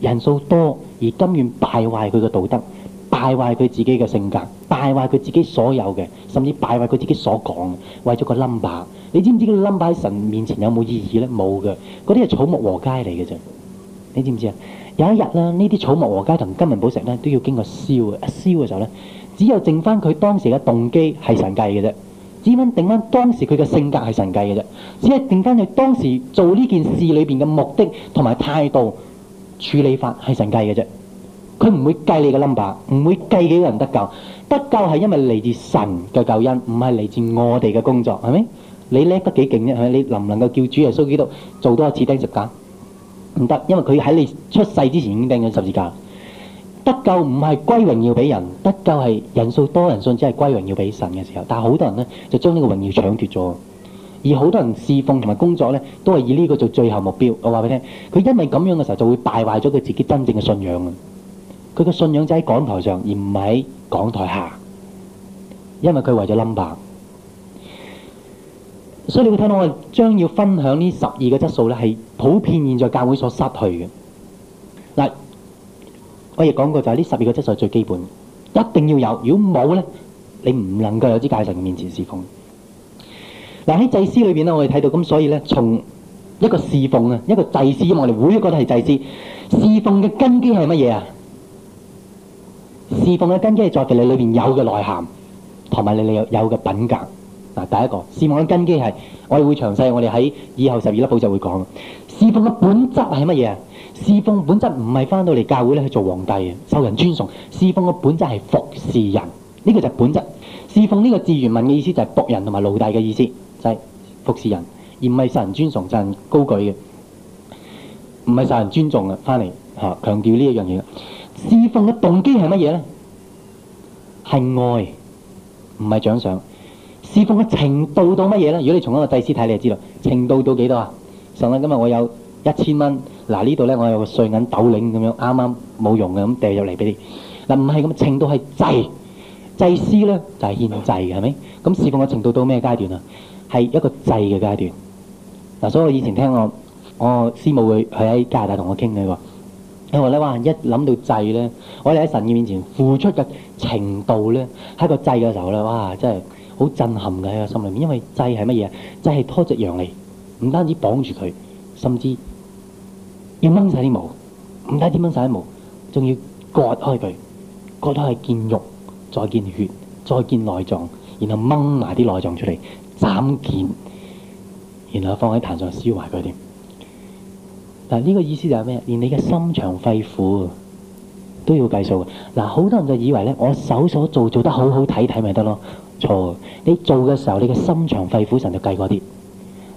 人數多而甘願敗壞佢嘅道德，敗壞佢自己嘅性格，敗壞佢自己所有嘅，甚至敗壞佢自己所講，為咗個 number。你知唔知個 number 喺神面前有冇意義呢？冇嘅，嗰啲係草木禾秸嚟嘅啫。你知唔知啊？有一日咧，呢啲草木禾秸同金銀寶石咧，都要經過燒嘅，一燒嘅時候呢，只有剩翻佢當時嘅動機係神計嘅啫。只温定翻當時佢嘅性格係神計嘅啫，只係定翻佢當時做呢件事裏邊嘅目的同埋態度處理法係神計嘅啫。佢唔會計你嘅 number，唔會計幾多人得救，得救係因為嚟自神嘅救恩，唔係嚟自我哋嘅工作，係咪？你叻得幾勁啫？係咪？你能唔能夠叫主耶穌基督做多一次釘十字架唔得，因為佢喺你出世之前已經釘咗十字架。得救唔係歸榮要俾人，得救係人數多人信，只係歸榮要俾神嘅時候。但係好多人咧，就將呢個榮耀搶奪咗。而好多人侍奉同埋工作咧，都係以呢個做最後目標。我話俾你聽，佢因為咁樣嘅時候，就會敗壞咗佢自己真正嘅信仰啊！佢嘅信仰就喺講台上，而唔喺講台下，因為佢為咗 number。所以你會睇到我將要分享呢十二個質素咧，係普遍現在教會所失去嘅嗱。我亦講過就係呢十二個質素最基本，一定要有。如果冇咧，你唔能夠有資格喺神面前侍奉。嗱、啊、喺祭司裏邊咧，我哋睇到咁，所以咧從一個侍奉啊，一個祭司，我哋每一個都係祭司。侍奉嘅根基係乜嘢啊？侍奉嘅根基係在乎你裏邊有嘅內涵，同埋你哋有有嘅品格。嗱、啊，第一個侍奉嘅根基係，我哋會詳細我哋喺以後十二粒寶就會講。侍奉嘅本質係乜嘢啊？侍奉本質唔係翻到嚟教會咧去做皇帝啊，受人尊崇。侍奉嘅本質係服侍人，呢個就係本質。侍奉呢個字原文嘅意思就係僕人同埋奴隸嘅意思，就係服侍人，而唔係受人尊崇、受人高舉嘅，唔係受人尊重嘅。翻嚟吓，強調呢一樣嘢。侍奉嘅動機係乜嘢咧？係愛，唔係獎賞。侍奉嘅程度到乜嘢咧？如果你從一個祭司睇，你就知道程度到幾多啊？神啊，今日我有。一千蚊嗱呢度咧，我有個碎銀斗領咁樣，啱啱冇用嘅咁掟入嚟俾你。嗱唔係咁，程度係祭，祭司咧就係獻祭嘅，係咪？咁事奉嘅程度到咩階段啊？係一個祭嘅階段。嗱，所以我以前聽我我師母佢佢喺加拿大同我傾咧話，因話咧哇，一諗到祭咧，我哋喺神意面前付出嘅程度咧，喺個祭嘅時候咧，哇，真係好震撼嘅喺個心裏面，因為祭係乜嘢啊？祭係拖著羊嚟，唔單止綁住佢，甚至要掹晒啲毛，唔單止掹晒啲毛，仲要割開佢，割開係見肉，再見血，再見內臟，然後掹埋啲內臟出嚟斬件，然後放喺壇上燒埋佢添。嗱呢個意思就係咩？連你嘅心腸肺腑都要計數。嗱，好多人就以為咧，我手所做做得好好睇睇咪得咯？錯，你做嘅時候，你嘅心腸肺腑神就計過啲。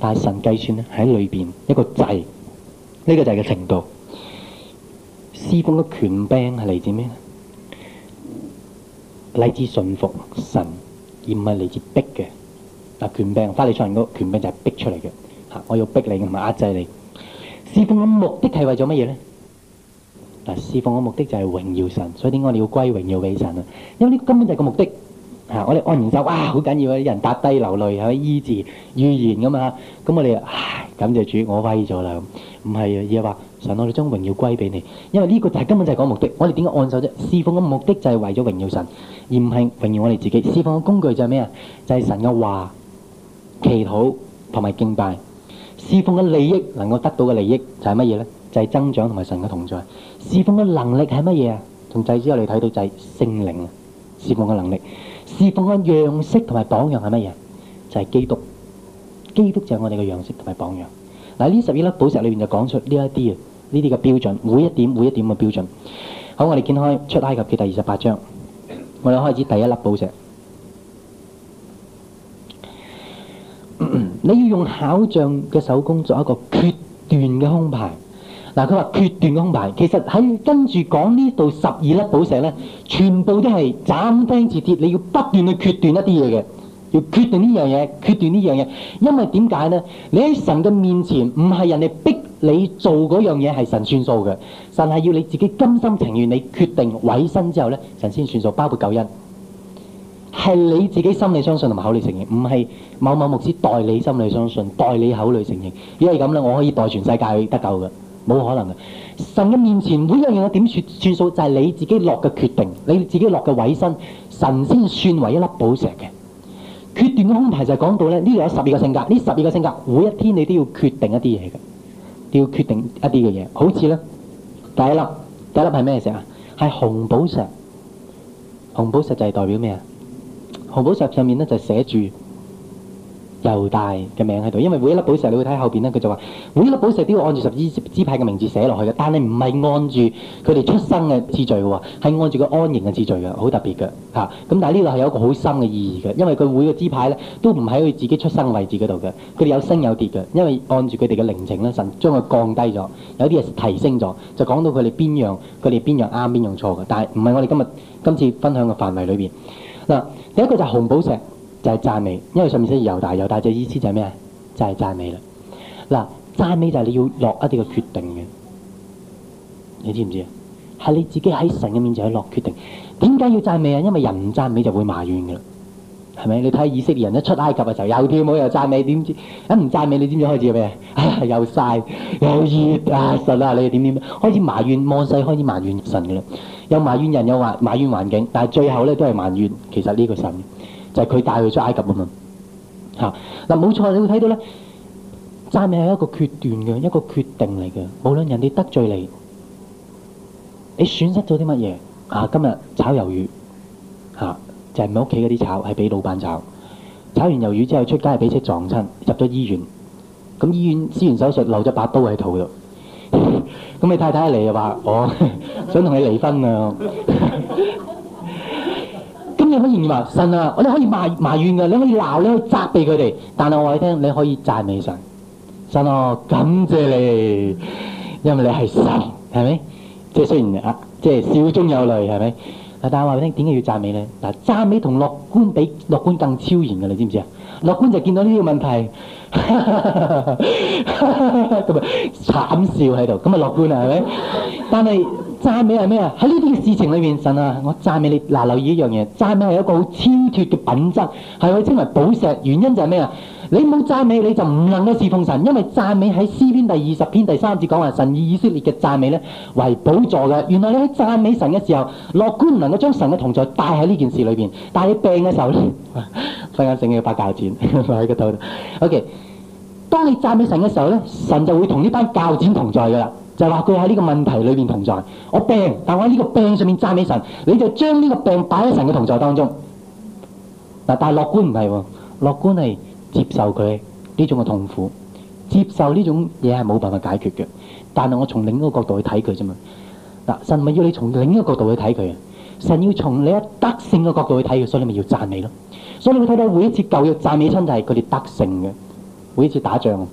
但係神計算咧喺裏邊一個掣，呢、呢個掣嘅程度。侍奉嘅權柄係嚟自咩？嚟自信服神，而唔係嚟自逼嘅。嗱，權柄，法利賽人嘅權柄就係逼出嚟嘅。吓，我要逼你，唔係壓制你。侍奉嘅目的係為咗乜嘢咧？嗱，侍奉嘅目的就係榮耀神，所以點解你要歸榮耀俾神啊？因為呢根本就係個目的。啊！我哋按完手，哇！好緊要啊！啲人搭低流淚，係咪？醫治預言咁嘛！咁我哋唉感謝主，我威咗啦咁。唔係啊，而係話神，我哋將榮耀歸俾你，因為呢個就係根本就係個目的。我哋點解按手啫？侍奉嘅目的就係為咗榮耀神，而唔係榮耀我哋自己。侍奉嘅工具就係咩啊？就係神嘅話、祈禱同埋敬拜。侍奉嘅利益，能夠得到嘅利益就係乜嘢咧？就係增長同埋神嘅同在。侍奉嘅能力係乜嘢啊？從祭之後你睇到就係聖靈侍奉嘅能力。志放開樣式同埋榜樣係乜嘢？就係基督，基督就係我哋嘅樣式同埋榜樣。嗱，呢十二粒寶石裏面就講出呢一啲啊，呢啲嘅標準，每一點每一點嘅標準。好，我哋見開出埃及記第二十八章，我哋開始第一粒寶石。你要用巧匠嘅手工作一個決斷嘅胸牌。嗱，佢話決斷嘅胸牌，其實喺跟住講呢度十二粒寶石呢，全部都係斬釘截鐵，你要不斷去決斷一啲嘢嘅，要決定呢樣嘢，決定呢樣嘢。因為點解呢？你喺神嘅面前，唔係人哋逼你做嗰樣嘢，係神算數嘅。神係要你自己甘心情願，你決定委身之後呢，神先算數，包括救恩，係你自己心裡相信同埋口裡承認，唔係某某牧師代理心裡相信，代理口裡承認。如果係咁咧，我可以代全世界去得救嘅。冇可能嘅，神嘅面前，每一樣嘢我點算算數，就係你自己落嘅決定，你自己落嘅委身，神先算為一粒寶石嘅。決斷嘅問題就係講到咧，呢度有十二個性格，呢十二個性格，每一天你都要決定一啲嘢嘅，都要決定一啲嘅嘢。好似咧，第一粒，第一粒係咩石啊？係紅寶石，紅寶石就係代表咩啊？紅寶石上面咧就寫住。猶大嘅名喺度，因為每一粒寶石你會睇後邊咧，佢就話每一粒寶石都要按住十二支派嘅名字寫落去嘅，但係唔係按住佢哋出生嘅次序喎，係按住個安營嘅次序嘅，好特別嘅嚇。咁但係呢度係有一個好深嘅意義嘅，因為佢每個支派咧都唔喺佢自己出生位置嗰度嘅，佢哋有升有跌嘅，因為按住佢哋嘅靈情咧，神將佢降低咗，有啲嘢提升咗，就講到佢哋邊樣佢哋邊樣啱邊樣錯嘅，但係唔係我哋今日今次分享嘅範圍裏邊嗱，第一個就係紅寶石。就係讚美，因為上面寫又大又大，就意思就係咩？就係讚美啦。嗱，讚美就係你要落一啲嘅決定嘅，你知唔知啊？係你自己喺神嘅面前去落決定。點解要讚美啊？因為人唔讚美就會埋怨嘅啦，係咪？你睇下以色列人一出埃及嘅時候又跳舞又讚美，點知一唔讚美你知唔知開始咩啊？又曬，又熱啊，神啊你點點，開始埋怨摩西，開始埋怨神嘅啦，又埋怨人又埋埋怨環境，但係最後咧都係埋怨其實呢個神。就係佢帶佢出埃及啊嘛嚇，嗱，冇錯，你會睇到咧，讚美係一個決斷嘅一個決定嚟嘅，無論人哋得罪你，你損失咗啲乜嘢啊？今日炒魷魚嚇，就係唔係屋企嗰啲炒，係俾老闆炒。炒完魷魚之後出街係俾車撞親，入咗醫院。咁醫院做完手術漏咗把刀喺肚度。咁你太太嚟又話我想同你離婚啊！你可以話信啊！我哋可以埋埋怨嘅，你可以鬧，你可以責備佢哋。但係我話你聽，你可以讚美神。神啊，感謝你，因為你係神，係咪？即係雖然啊，即係笑中有淚，係咪？但係我話你聽，點解要讚美咧？嗱，讚美同樂觀比樂觀更超然嘅，你知唔知啊？樂觀就見到呢啲問題，咁啊慘笑喺度。咁啊樂觀啊，係咪？但係。讚美係咩啊？喺呢啲事情裏面，神啊，我讚美你。嗱，留意一樣嘢，讚美係一個好超脫嘅品質，係可以稱為寶石。原因就係咩啊？你冇讚美，你就唔能夠侍奉神，因為讚美喺詩篇第二十篇第三節講話，神以以色列嘅讚美咧為寶座。原來你喺讚美神嘅時候，樂觀唔能夠將神嘅同在帶喺呢件事裏面。但係你病嘅時候咧，瞓 緊醒覺要擺鉸剪落喺個肚度。OK，當你讚美神嘅時候咧，神就會同呢班鉸剪同在噶啦。就話佢喺呢個問題裏邊同在，我病，但我喺呢個病上面讚美神，你就將呢個病擺喺神嘅同在當中。嗱，但係樂觀唔係喎，樂觀係接受佢呢種嘅痛苦，接受呢種嘢係冇辦法解決嘅，但係我從另一個角度去睇佢啫嘛。嗱，神咪要你從另一個角度去睇佢啊，神要從你一得勝嘅角度去睇佢，所以你咪要讚美咯。所以你會睇到每一次舊約讚美親就係佢哋得勝嘅，每一次打仗。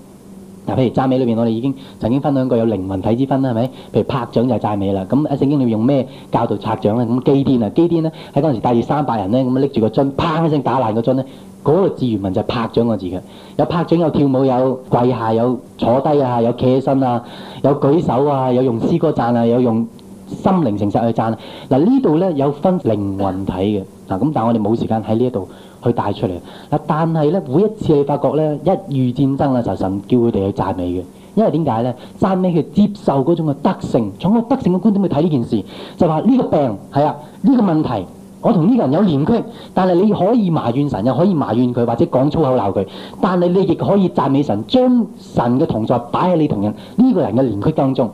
嗱，譬如讚美裏邊，我哋已經曾經分享過有靈魂體之分啦，係咪？譬如拍掌就係讚美啦。咁喺聖經裏面用咩教導拍掌咧？咁基甸啦，基甸咧喺當時帶住三百人咧，咁拎住個樽，砰一聲打爛個樽咧，嗰、那個字原文就係拍掌個字嘅。有拍掌，有跳舞，有跪下，有坐低啊，有企起身啊，有舉手啊，有用詩歌贊啊，有用心靈誠實去贊。嗱、啊、呢度咧有分靈魂體嘅嗱，咁、啊、但係我哋冇時間喺呢一度。去帶出嚟嗱，但係咧，每一次你發覺咧，一遇戰爭啦，就神叫佢哋去讚美嘅，因為點解咧？讚美佢接受嗰種嘅德性，從個德性嘅觀點去睇呢件事，就話呢個病係啊，呢個問題，我同呢個人有連區，但係你可以埋怨神，又可以埋怨佢，或者講粗口鬧佢，但係你亦可以讚美神，將神嘅同在擺喺你同人呢個人嘅連區當中。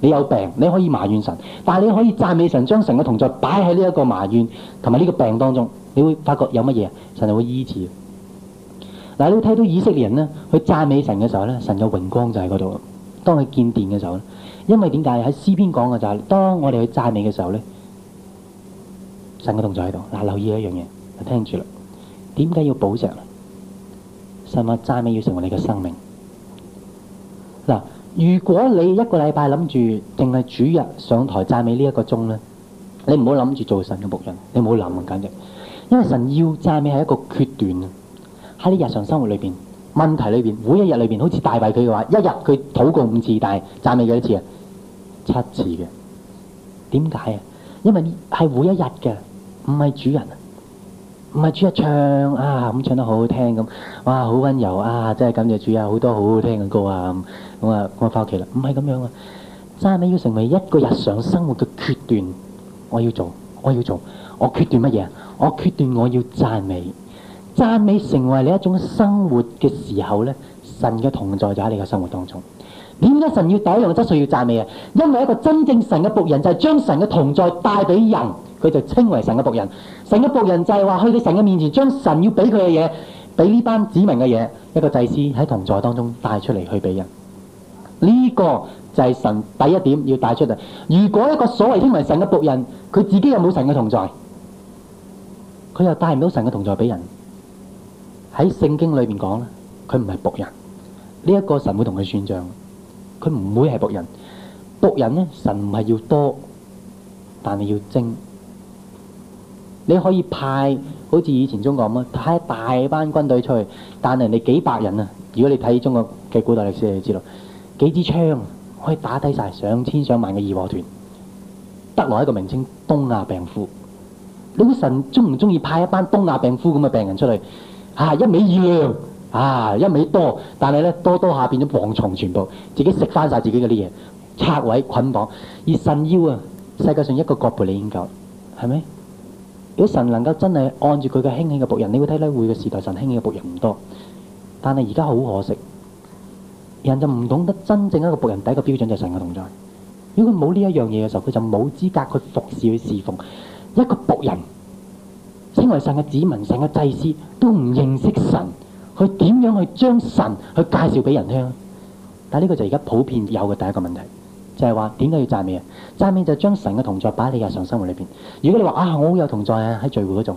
你有病，你可以埋怨神，但係你可以讚美神，將神嘅同在擺喺呢一個埋怨同埋呢個病當中。你會發覺有乜嘢？神就會醫治。嗱，你會睇到以色列人咧，去讚美神嘅時候咧，神有榮光就喺嗰度。當佢見殿嘅時候咧，因為點解？喺詩篇講嘅就係，當我哋去讚美嘅時候咧，神嘅動作喺度。嗱，留意一樣嘢，聽住啦。點解要寶石？神嘅讚美要成為你嘅生命。嗱，如果你一個禮拜諗住淨係主日上台讚美呢一個鐘咧，你唔好諗住做神嘅僕人，你唔好諗啊，簡直。因為神要讚美係一個決斷，喺你日常生活裏邊問題裏邊每一日裏邊，好似大衛佢嘅話，一日佢禱告五次，但係讚美幾多次啊？七次嘅。點解啊？因為係每一日嘅，唔係主人，唔係主人唱啊咁唱得好好聽咁，哇好溫柔啊，真係感謝主啊，好多好好聽嘅歌啊咁啊，我翻屋企啦，唔係咁樣啊，讚美要成為一個日常生活嘅決斷，我要做，我要做，我決斷乜嘢啊？我決定我要讚美，讚美成為你一種生活嘅時候咧，神嘅同在就喺你嘅生活當中。點解神要第一樣嘅質素要讚美啊？因為一個真正神嘅僕人就係將神嘅同在帶俾人，佢就稱為神嘅僕人。神嘅僕人就係話去到神嘅面前，將神要俾佢嘅嘢，俾呢班子民嘅嘢，一個祭司喺同在當中帶出嚟去俾人。呢個就係神第一點要帶出嚟。如果一個所謂稱為神嘅僕人，佢自己有冇神嘅同在？佢又帶唔到神嘅同在俾人，喺聖經裏面講啦，佢唔係僕人。呢一個神會同佢算賬，佢唔會係僕人。僕人咧，神唔係要多，但係要精。你可以派好似以前中國咁啊，派一大班軍隊出去，但係人哋幾百人啊！如果你睇中國嘅古代歷史，你就知道幾支槍可以打低晒上千上萬嘅義和團，得來一個名稱東亞病夫。你估神鍾唔鍾意派一班東亞病夫咁嘅病人出嚟？啊，一味要啊，一味多，但係咧多多下變咗蝗蟲，全部自己食翻晒自己嗰啲嘢，拆位、捆綁。而神腰啊，世界上一個角陪你已經夠，係咪？如果神能夠真係按住佢嘅興起嘅僕人，你會睇睇會嘅時代，神興起嘅僕人唔多，但係而家好可惜，人就唔懂得真正一個僕人第一個標準就係神嘅同在。如果佢冇呢一樣嘢嘅時候，佢就冇資格去服侍去侍奉。一個僕人，稱為神嘅子民，神嘅祭司都唔認識神，佢點樣去將神去介紹俾人聽？但係呢個就而家普遍有嘅第一個問題，就係話，點解要讚美啊？讚美就將神嘅同在擺喺你日常生活裏邊。如果你話啊，我好有同在啊，喺聚會嗰種，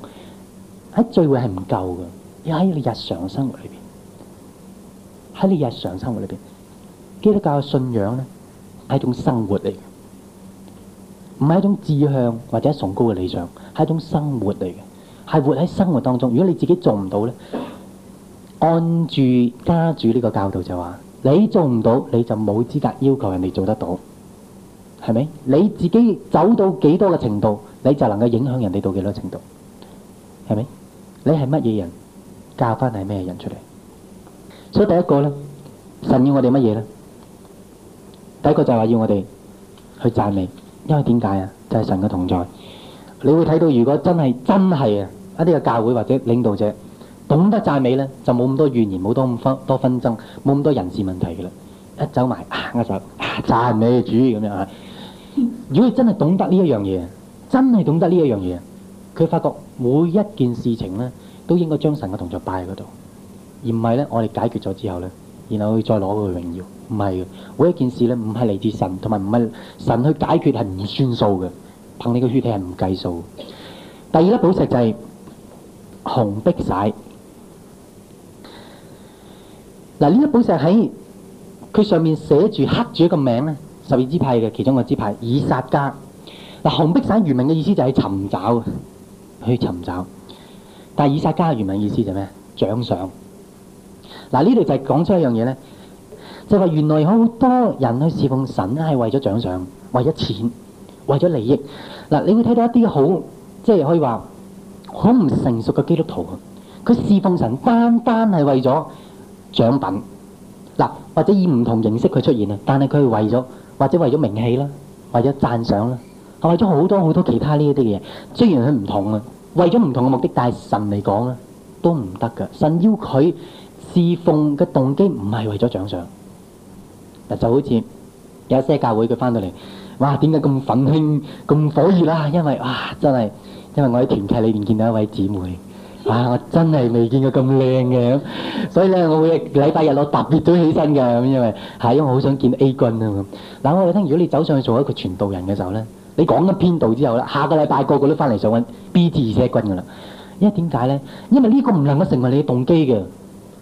喺聚會係唔夠嘅，要喺你日常生活裏邊，喺你日常生活裏邊，基督教嘅信仰咧係一種生活嚟嘅。唔係一種志向或者崇高嘅理想，係一種生活嚟嘅，係活喺生活當中。如果你自己做唔到咧，按住家主呢個教導就話：你做唔到，你就冇資格要求人哋做得到，係咪？你自己走到幾多嘅程度，你就能夠影響人哋到幾多程度，係咪？你係乜嘢人，教翻係咩人出嚟？所以第一個咧，神要我哋乜嘢咧？第一個就係話要我哋去讚美。因為點解啊？就係神嘅同在，你會睇到如果真係真係啊，一啲嘅教會或者領導者懂得讚美咧，就冇咁多怨言，冇咁多紛爭，冇咁多人事問題嘅啦。一走埋啊，握手、啊，讚美主咁樣啊！如果你真係懂得呢一樣嘢，真係懂得呢一樣嘢，佢發覺每一件事情咧都應該將神嘅同在擺喺嗰度，而唔係咧我哋解決咗之後咧，然後去再攞佢榮耀。唔係嘅，每一件事咧，唔係嚟自神，同埋唔係神去解決係唔算數嘅，憑你嘅血氣係唔計數嘅。第二粒寶石就係紅碧璽。嗱，呢粒寶石喺佢上面寫住、刻住一個名咧，十二支派嘅其中一個支派以薩迦。嗱，紅碧璽原名嘅意思就係尋找，去尋找。但係以薩迦嘅原名意思就係咩？獎賞。嗱，呢度就係講出一樣嘢咧。就話原來好多人去侍奉神係為咗獎賞，為咗錢，為咗利益。嗱，你會睇到一啲好，即係可以話好唔成熟嘅基督徒。佢侍奉神單單係為咗獎品，嗱，或者以唔同形式佢出現啊。但係佢係為咗，或者為咗名氣啦，為咗讚賞啦，係為咗好多好多其他呢一啲嘢。雖然佢唔同啊，為咗唔同嘅目的，但係神嚟講啊，都唔得㗎。神要佢侍奉嘅動機唔係為咗獎賞。就好似有些教會佢翻到嚟，哇點解咁奮興咁火熱啦、啊？因為哇真係，因為我喺團契裏面見到一位姊妹，哇我真係未見過咁靚嘅，所以咧我每禮拜日我特別早起身㗎，咁因為係因為我好想見 A 君啊咁。嗱我哋聽，如果你走上去做一個傳道人嘅時候咧，你講咗篇道之後咧，下個禮拜個個都翻嚟想揾 B 字一些君㗎啦。因為點解咧？因為呢個唔能夠成為你嘅動機嘅。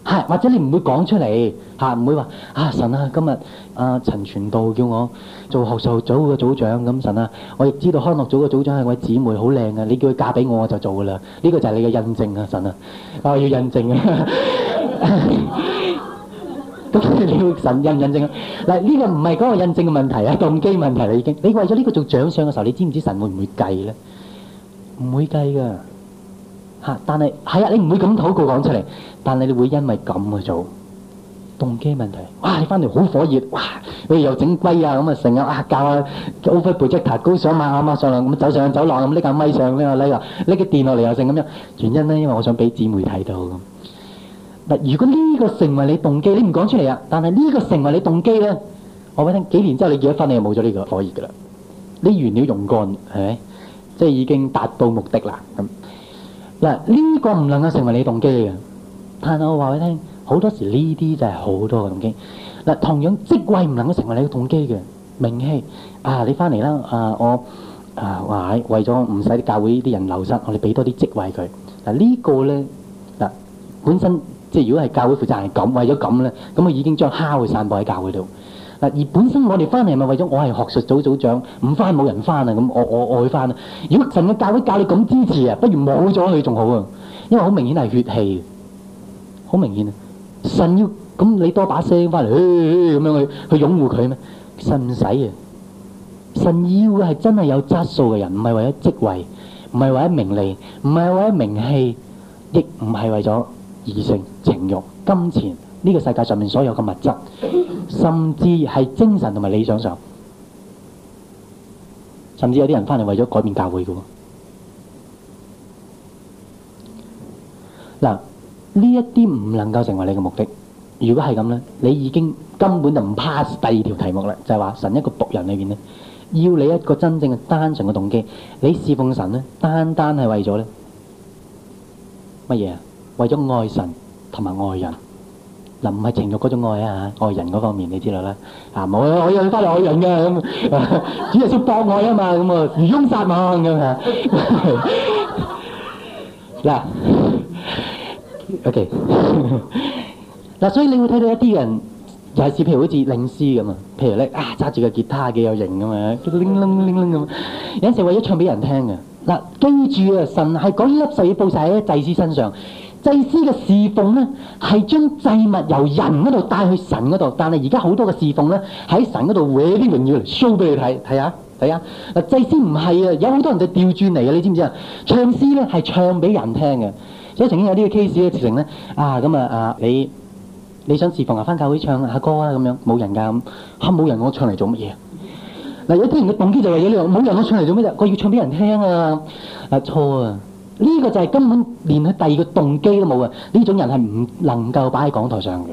係，或者你唔會講出嚟，嚇唔會話啊神啊，今日啊陳傳道叫我做學術組嘅組長，咁神啊，我亦知道康樂組嘅組長係位姊妹好靚啊，你叫佢嫁俾我我就做噶啦，呢個就係你嘅印證啊神啊，我要印證啊，咁你要神印唔印證？嗱呢個唔係嗰個印證嘅問題啊，動機問題啦已經。你為咗呢個做獎賞嘅時候，你知唔知神會唔會計咧？唔會計噶。啊、但係係啊，你唔會咁坦白講出嚟，但係你會因為咁去做動機問題。哇！你翻嚟好火熱，哇！你又整龜啊，咁啊成日啊教啊高分貝吉他，高聲猛上嚟，咁走上走廊咁拎架咪上呢個呢個呢啲電落嚟又成咁樣。原因咧，因為我想俾姊妹睇到咁。嗱，如果呢個成為你動機，你唔講出嚟啊！但係呢個成為你動機咧，我覺得幾年之後你結咗婚，你又冇咗呢個火熱噶啦，啲原料用乾係咪？即係已經達到目的啦咁。嗱，呢個唔能夠成為你動機嘅，但係我話俾你聽，好多時呢啲就係好多嘅動機。嗱，同樣職位唔能夠成為你嘅動機嘅名氣啊！你翻嚟啦，啊我啊話喺為咗唔使教會啲人流失，我哋俾多啲職位佢。嗱呢個咧嗱，本身即係如果係教會負責人咁，為咗咁咧，咁佢已經將蝦會散播喺教會度。嗱，而本身我哋翻嚟係咪為咗我係學術組組長？唔翻冇人翻啊！咁我我我去翻啊！如果神嘅教會教你咁支持啊，不如冇咗你仲好啊！因為好明顯係血氣，好明顯啊！神要咁你多把聲翻嚟，咁樣去去擁護佢咩？神唔使啊！神要嘅係真係有質素嘅人，唔係為咗職位，唔係為咗名利，唔係為咗名氣，亦唔係為咗異性情慾、金錢呢個世界上面所有嘅物質。甚至係精神同埋理想上，甚至有啲人翻嚟為咗改變教會嘅。嗱，呢一啲唔能夠成為你嘅目的。如果係咁咧，你已經根本就唔 pass 第二條題目啦。就係話神一個僕人裏邊咧，要你一個真正嘅單純嘅動機，你侍奉神咧，單單係為咗咧乜嘢？為咗愛神同埋愛人。嗱，唔係情慾嗰種愛啊嚇，愛人嗰方面你知道啦。啊冇啊，我有翻嚟愛人嘅咁，只係識博愛啊嘛咁啊，魚擁殺網咁啊。嗱，OK，嗱所以你會睇到一啲人又係似譬如好似領詩咁啊，譬如咧啊揸住個吉他幾有型咁樣，叮呤叮呤咁，有陣時為咗唱俾人聽啊。嗱，記住啊，神係講呢粒石要佈曬喺啲祭司身上。祭司嘅侍奉咧，係將祭物由人嗰度帶去神嗰度，但係而家好多嘅侍奉咧，喺神嗰度搲啲榮耀嚟 show 俾你睇，睇下睇下嗱，祭司唔係啊，有好多人就調轉嚟嘅，你知唔知啊？唱詩咧係唱俾人聽嘅，所以曾經有呢個 case 嘅事情咧，啊咁啊啊你你想侍奉啊翻教會唱下歌啊咁、啊、樣，冇人噶，吓、啊、冇人、啊啊、人我唱嚟做乜嘢？嗱有啲人嘅動機就為咗呢樣，冇人我唱嚟做乜啫？我要唱俾人聽啊，阿錯啊！錯呢個就係根本連佢第二個動機都冇啊！呢種人係唔能夠擺喺講台上嘅，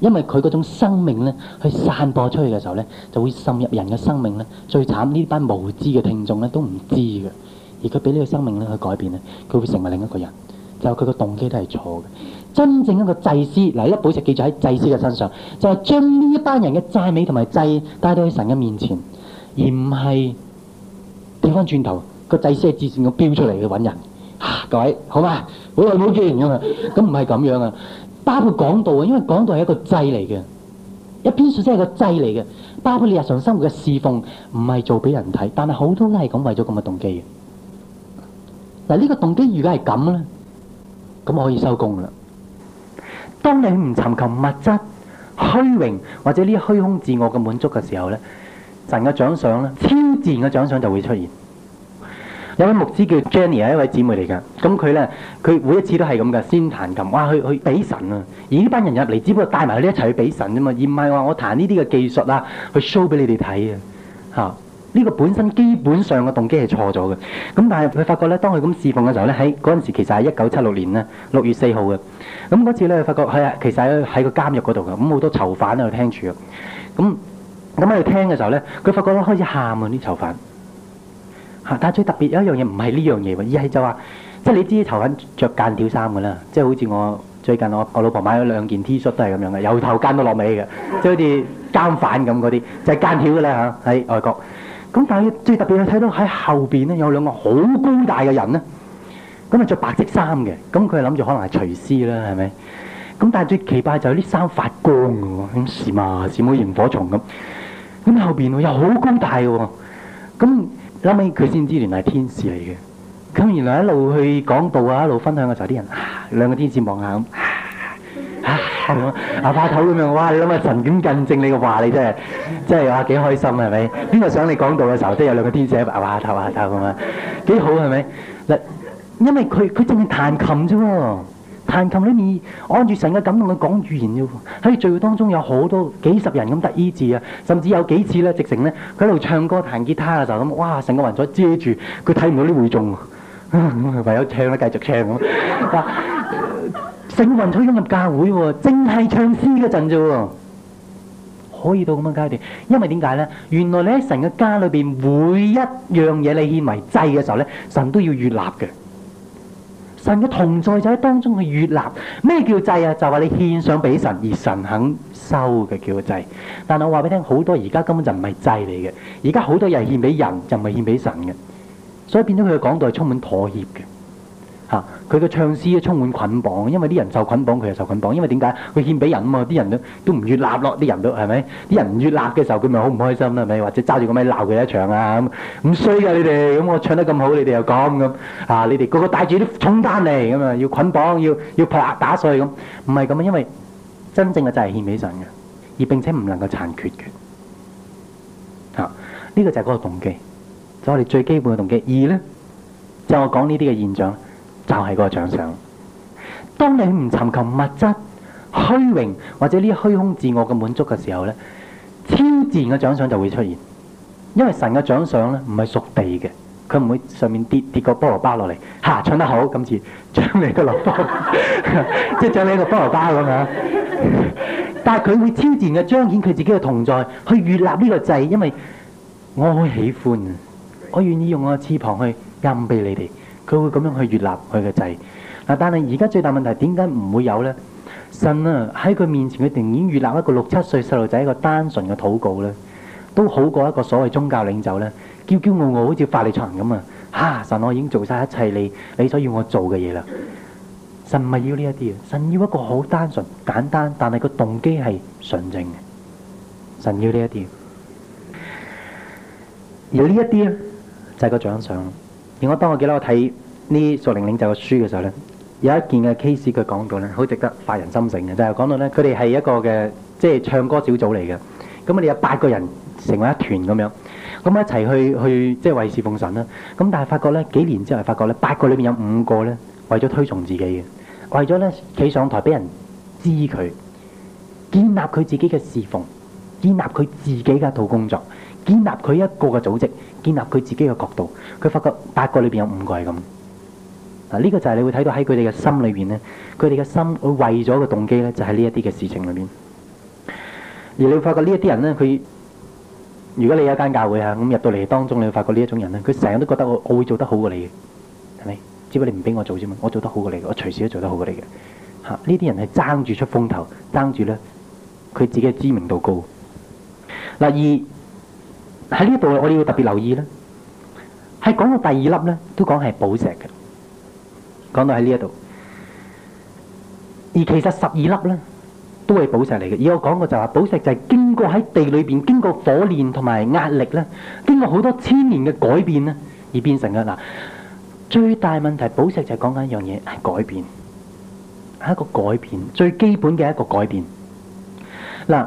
因為佢嗰種生命咧，去散播出去嘅時候咧，就會滲入人嘅生命咧。最慘呢班無知嘅聽眾咧都唔知嘅，而佢俾呢個生命咧去改變咧，佢會成為另一個人。就係佢個動機都係錯嘅。真正一個祭司，嗱《一寶石記載》就喺祭司嘅身上，就係將呢一班人嘅讚美同埋祭帶到去神嘅面前，而唔係掉返轉頭個祭司係自扇咁飆出嚟去揾人。啊、各位好嘛？好耐冇見啊嘛？咁唔係咁樣啊，包括講道啊，因為講道係一個掣嚟嘅，一篇聖經係個掣嚟嘅，包括你日常生活嘅侍奉，唔係做俾人睇，但係好多都係咁為咗咁嘅動機嘅。嗱，呢個動機如果係咁咧，咁我可以收工啦。當你唔尋求物質、虛榮或者呢一虛空自我嘅滿足嘅時候咧，神嘅獎賞咧，超自然嘅獎賞就會出現。有位牧師叫 Jenny 啊，一位姊妹嚟㗎，咁佢咧，佢每一次都係咁㗎，先彈琴，哇，去去俾神啊！而呢班人入嚟，只不過帶埋你一齊去俾神啫嘛，而唔係話我彈呢啲嘅技術啊，去 show 俾你哋睇啊！嚇、啊，呢、呢個本身基本上嘅動機係錯咗嘅。咁但係佢發覺咧，當佢咁侍奉嘅時候咧，喺嗰陣時其實係一九七六年咧，六月四號嘅。咁嗰次咧，發覺係啊，其實喺個監獄嗰度嘅，咁好多囚犯喺度聽住啊。咁咁喺度聽嘅時候咧，佢發覺咧開始喊啊，啲囚犯。但係最特別有一樣嘢唔係呢樣嘢，而係就話，即係你知頭揾着間條衫嘅啦，即係好似我最近我我老婆買咗兩件 T 恤都係咁樣嘅，由頭間到落尾嘅，即係好似監犯咁嗰啲，就係間條嘅啦嚇，喺外國。咁但係最特別你睇到喺後邊咧有兩個好高大嘅人咧，咁係着白色衫嘅，咁佢諗住可能係廚師啦，係咪？咁但係最奇怪就係啲衫發光嘅喎，閃嘛閃好似螢火蟲咁。咁後邊又好高大嘅喎，咁。後屘佢先知原來係天使嚟嘅，咁原來一路去講道啊，一路分享嘅時候啲人兩個天使望下咁，啊，阿花頭咁樣，哇，你諗下，神經更正你嘅話，你真係真係話幾開心，係咪？邊個想你講道嘅時候，都有兩個天使喺阿花頭啊，阿花頭咁樣，幾好係咪？嗱，因為佢佢淨係彈琴啫。彈琴裏面按住神嘅感動去講語言喎，喺聚會當中有好多幾十人咁得醫治啊，甚至有幾次咧直情咧佢喺度唱歌彈吉他嘅時候咁，哇成個雲彩遮住佢睇唔到啲會眾，啊，唯有唱啦繼續唱咁，啊，哇成個雲彩湧入教會喎，淨係唱詩嗰陣啫喎，可以到咁嘅階段，因為點解咧？原來你喺神嘅家裏邊，每一樣嘢你獻為祭嘅時候咧，神都要悅納嘅。神嘅同在仔當中嘅悦納，咩叫祭啊？就話、係、你獻上俾神而神肯收嘅叫祭。但我話俾你聽，好多而家根本就唔係祭嚟嘅。而家好多人獻俾人就唔係獻俾神嘅，所以變咗佢嘅講道係充滿妥協嘅。嚇！佢個唱詩都充滿捆綁，因為啲人受捆綁，佢又受捆綁。因為點解？佢獻俾人啊嘛！啲人都都唔悅納咯，啲人都係咪？啲人唔悅納嘅時候，佢咪好唔開心啦，係咪？或者揸住個咪鬧佢一場啊！咁唔衰噶你哋，咁我唱得咁好，你哋又講咁啊！你哋個個帶住啲重擔嚟，咁啊要捆綁，要要拍打碎咁，唔係咁啊！因為真正嘅就係獻俾神嘅，而並且唔能夠殘缺嘅嚇。呢個就係嗰個動機，就係我哋最基本嘅動機。二咧，就我講呢啲嘅現象。係個獎賞。當你唔尋求物質、虛榮或者呢啲虛空自我嘅滿足嘅時候咧，超自然嘅獎賞就會出現。因為神嘅獎賞咧，唔係屬地嘅，佢唔會上面跌跌個菠蘿包落嚟。吓、啊、唱得好，今次將你個蘿蔔， 即係將你蘿一個菠蘿包咁樣。 但係佢會超自然嘅彰顯佢自己嘅同在，去越立呢個掣。因為我好喜歡，我願意用我嘅翅膀去蔭庇你哋。佢會咁樣去越納佢嘅仔，嗱，但係而家最大問題點解唔會有咧？神啊，喺佢面前佢定已經越納一個六七歲細路仔一個單純嘅禱告咧，都好過一個所謂宗教領袖咧，驕驕傲傲好似法利賽咁啊！哈，神，我已經做曬一切你你所要我做嘅嘢啦。神唔係要呢一啲嘅，神要一個好單純、簡單，但係個動機係純正嘅。神要呢一啲，而呢一啲啊，就係個獎賞。而我當我記得我睇呢索玲領袖嘅書嘅時候咧，有一件嘅 case 佢講到咧，好值得發人深省嘅，就係講到咧，佢哋係一個嘅即係唱歌小組嚟嘅，咁我哋有八個人成為一團咁樣，咁一齊去去，去即係為事奉神啦。咁但係發覺咧，幾年之後發覺咧，八個裏面有五個咧，為咗推崇自己嘅，為咗咧企上台俾人知佢，建立佢自己嘅侍奉，建立佢自己嘅一套工作。建立佢一個嘅組織，建立佢自己嘅角度。佢發覺八個裏邊有五個係咁嗱，呢、這個就係你會睇到喺佢哋嘅心裏邊咧。佢哋嘅心，佢為咗嘅動機咧，就喺呢一啲嘅事情裏面。而你會發覺呢一啲人咧，佢如果你有一間教會啊，咁入到嚟當中，你會發覺呢一種人咧，佢成日都覺得我我會做得好過你，係咪？只不過你唔俾我做啫嘛，我做得好過你嘅，我隨時都做得好過你嘅。嚇，呢啲人係爭住出風頭，爭住咧佢自己嘅知名度高嗱二。而喺呢度，我哋要特別留意咧。係講到第二粒咧，都講係寶石嘅。講到喺呢一度，而其實十二粒咧都係寶石嚟嘅。而我講過就話，寶石就係經過喺地裏邊經過火煉同埋壓力咧，經過好多千年嘅改變咧，而變成嘅嗱。最大問題，寶石就係講緊一樣嘢係改變，係一個改變最基本嘅一個改變。嗱，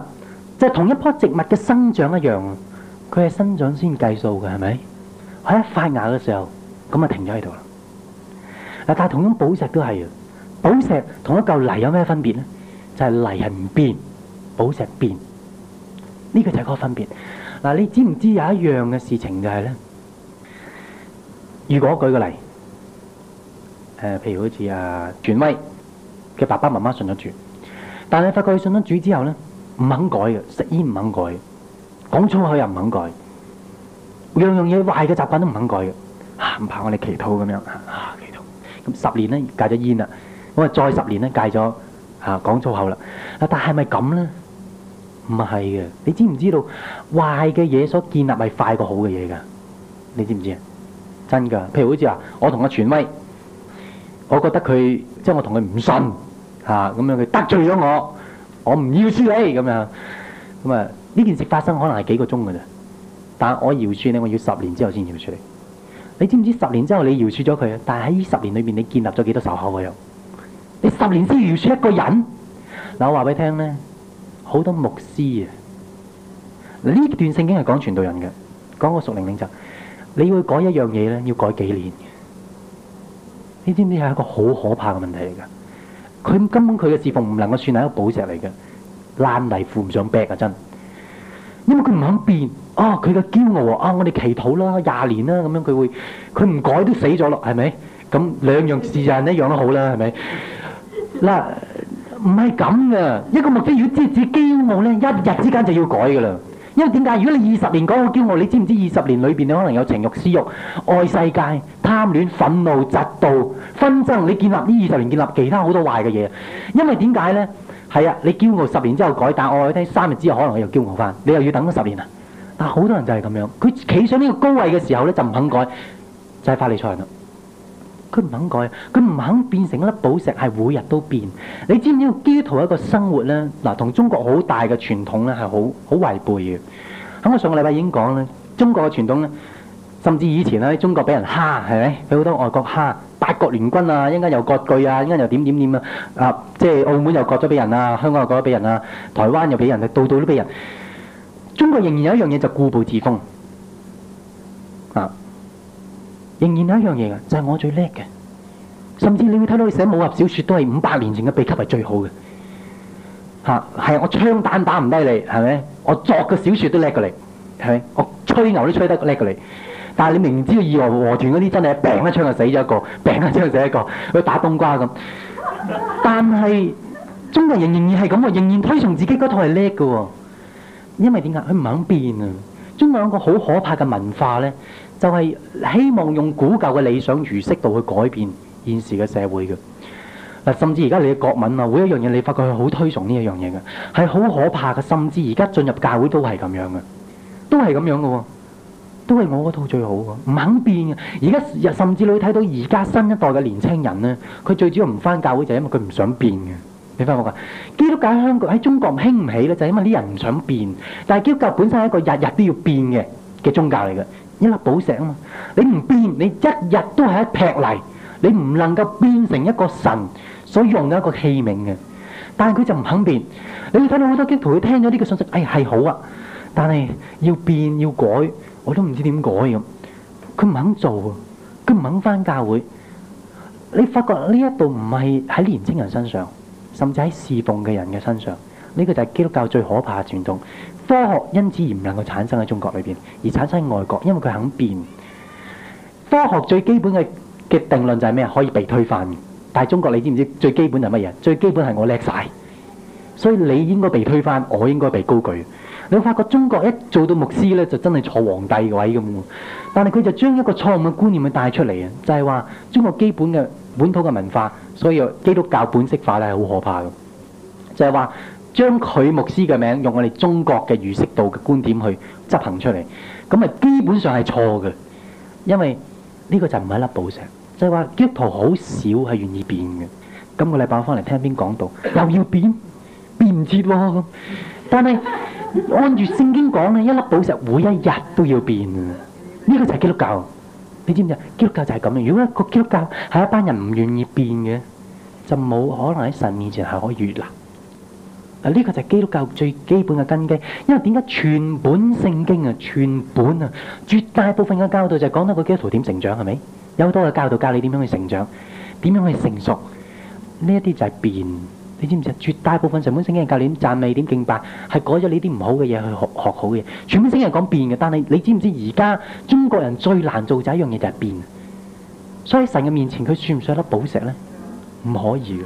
就同一棵植物嘅生長一樣。佢係生長先計數嘅，係咪？喺一發芽嘅時候，咁啊停咗喺度啦。但係同樣寶石都係啊，寶石同一嚿泥有咩分別咧？就係、是、泥係唔變，寶石變。呢、這個就係個分別。嗱、啊，你知唔知有一樣嘅事情就係、是、咧？如果舉個例，誒、呃，譬如好似啊，傳威嘅爸爸媽媽信咗主，但係發覺佢信咗主之後咧，唔肯改嘅，食煙唔肯改。講粗口又唔肯改，樣樣嘢壞嘅習慣都唔肯改嘅，唔怕我哋祈禱咁樣啊祈禱。咁十年咧戒咗煙啦，咁話再十年咧戒咗啊講粗口啦。但係咪咁咧？唔係嘅，你知唔知道壞嘅嘢所建立係快過好嘅嘢噶？你知唔知啊？真噶譬如好似話，我同阿權威，我覺得佢即係我同佢唔信，啊咁樣佢得罪咗我，我唔要知你咁樣，咁啊。呢件事發生可能係幾個鐘嘅啫，但係我饒恕咧，我要十年之後先饒恕你。你知唔知十年之後你饒恕咗佢啊？但係喺呢十年裏邊，你建立咗幾多仇口？嘅你十年先饒恕一個人嗱，我話俾你聽咧，好多牧師啊。呢段聖經係講傳道人嘅，講個熟靈領袖。你要改一樣嘢咧，要改幾年？你知唔知係一個好可怕嘅問題嚟嘅？佢根本佢嘅侍奉唔能夠算係一個寶石嚟嘅，爛泥扶唔上壁啊！真。因為佢唔肯變，啊佢嘅驕傲啊、哦，我哋祈禱啦，廿年啦，咁樣佢會佢唔改都死咗咯，係咪？咁兩樣事就係一樣都好啦，係咪？嗱，唔係咁嘅，一個目標要遮住驕傲咧，一日之間就要改噶啦。因為點解？如果你二十年講個驕傲，你知唔知二十年裏邊你可能有情欲、私欲、愛世界、貪戀、憤怒、嫉妒、紛爭，你建立呢二十年建立其他好多壞嘅嘢。因為點解咧？係啊，你驕傲十年之後改，但我話你聽，三日之後可能又驕傲翻，你又要等咗十年啊！但好多人就係咁樣，佢企上呢個高位嘅時候咧就唔肯改，就係、是、發利財啦。佢唔肯改，佢唔肯變成一粒寶石，係每日都變。你知唔知基督徒一個生活咧？嗱，同中國好大嘅傳統咧係好好違背嘅。噉我上個禮拜已經講咧，中國嘅傳統咧，甚至以前咧，中國俾人蝦係咪？俾好多外國蝦。八國聯軍啊，一陣間又割據啊，一陣間又點點點啊！啊，即係澳門又割咗俾人啊，香港又割咗俾人啊，台灣又俾人啊，到度都俾人。中國仍然有一樣嘢就固步自封啊！仍然有一樣嘢啊，就係我最叻嘅。甚至你會睇到佢寫武俠小説都係五百年前嘅秘笈係最好嘅嚇，係，啊，我槍彈打唔低你係咪？我作嘅小説都叻過你，係咪？我吹牛都吹得叻過你。但係你明明知道，義和團嗰啲真係，砰一槍就死咗一個，砰一槍死一個，佢打冬瓜咁。但係中國人仍然係咁喎，仍然推崇自己嗰套係叻嘅。因為點解？佢唔肯變啊！中國有一個好可怕嘅文化咧，就係希望用古舊嘅理想儒釋道去改變現時嘅社會嘅。嗱，甚至而家你嘅國民啊，每一樣嘢你發覺佢好推崇呢一樣嘢嘅，係好可怕嘅。甚至而家進入教會都係咁樣嘅，都係咁樣嘅喎。都係我嗰套最好嘅，唔肯變嘅。而家甚至你睇到而家新一代嘅年青人咧，佢最主要唔翻教會就係因為佢唔想變嘅。你睇我講，基督教喺香港喺中國興唔起咧，就係因為啲人唔想變。但係基督教本身係一個日日都要變嘅嘅宗教嚟嘅，一粒寶石啊嘛！你唔變，你一日都係一塊泥，你唔能夠變成一個神所用嘅一個器皿嘅。但係佢就唔肯變。你會睇到好多基督徒佢聽咗呢個信息，哎係好啊，但係要變要改。我都唔知點改咁，佢唔肯做，佢唔肯返教會。你發覺呢一度唔係喺年青人身上，甚至喺侍奉嘅人嘅身上，呢個就係基督教最可怕嘅傳統。科學因此而唔能夠產生喺中國裏邊，而產生喺外國，因為佢肯變。科學最基本嘅嘅定論就係咩？可以被推翻。但係中國你知唔知最基本係乜嘢？最基本係我叻晒，所以你應該被推翻，我應該被高舉。你發覺中國一做到牧師咧，就真係坐皇帝位咁。但係佢就將一個錯誤嘅觀念去帶出嚟啊！就係話中國基本嘅本土嘅文化，所以基督教本色化咧係好可怕嘅。就係話將佢牧師嘅名用我哋中國嘅儒釋道嘅觀點去執行出嚟，咁啊基本上係錯嘅。因為呢個就唔係一粒寶石，就係話基督徒好少係願意變嘅。今個禮拜我翻嚟聽邊講到又要變，變唔切喎。但係。按住聖經講咧，一粒寶石每一日都要變，呢個就係基督教。你知唔知？基督教就係咁樣。如果一個基督教係一班人唔願意變嘅，就冇可能喺神面前係可以悅納。啊，呢個就係基督教最基本嘅根基。因為點解全本聖經啊，全本啊，絕大部分嘅教導就係講到個基督徒點成長，係咪？有好多嘅教導教你點樣去成長，點樣去成熟。呢一啲就係變。你知唔知啊？絕大部分上半星嘅教練讚美點敬拜，係改咗呢啲唔好嘅嘢去學學好嘅嘢。全部星人講變嘅，但係你知唔知而家中國人最難做就一樣嘢就係變。所以神嘅面前佢算唔算粒寶石咧？唔可以嘅。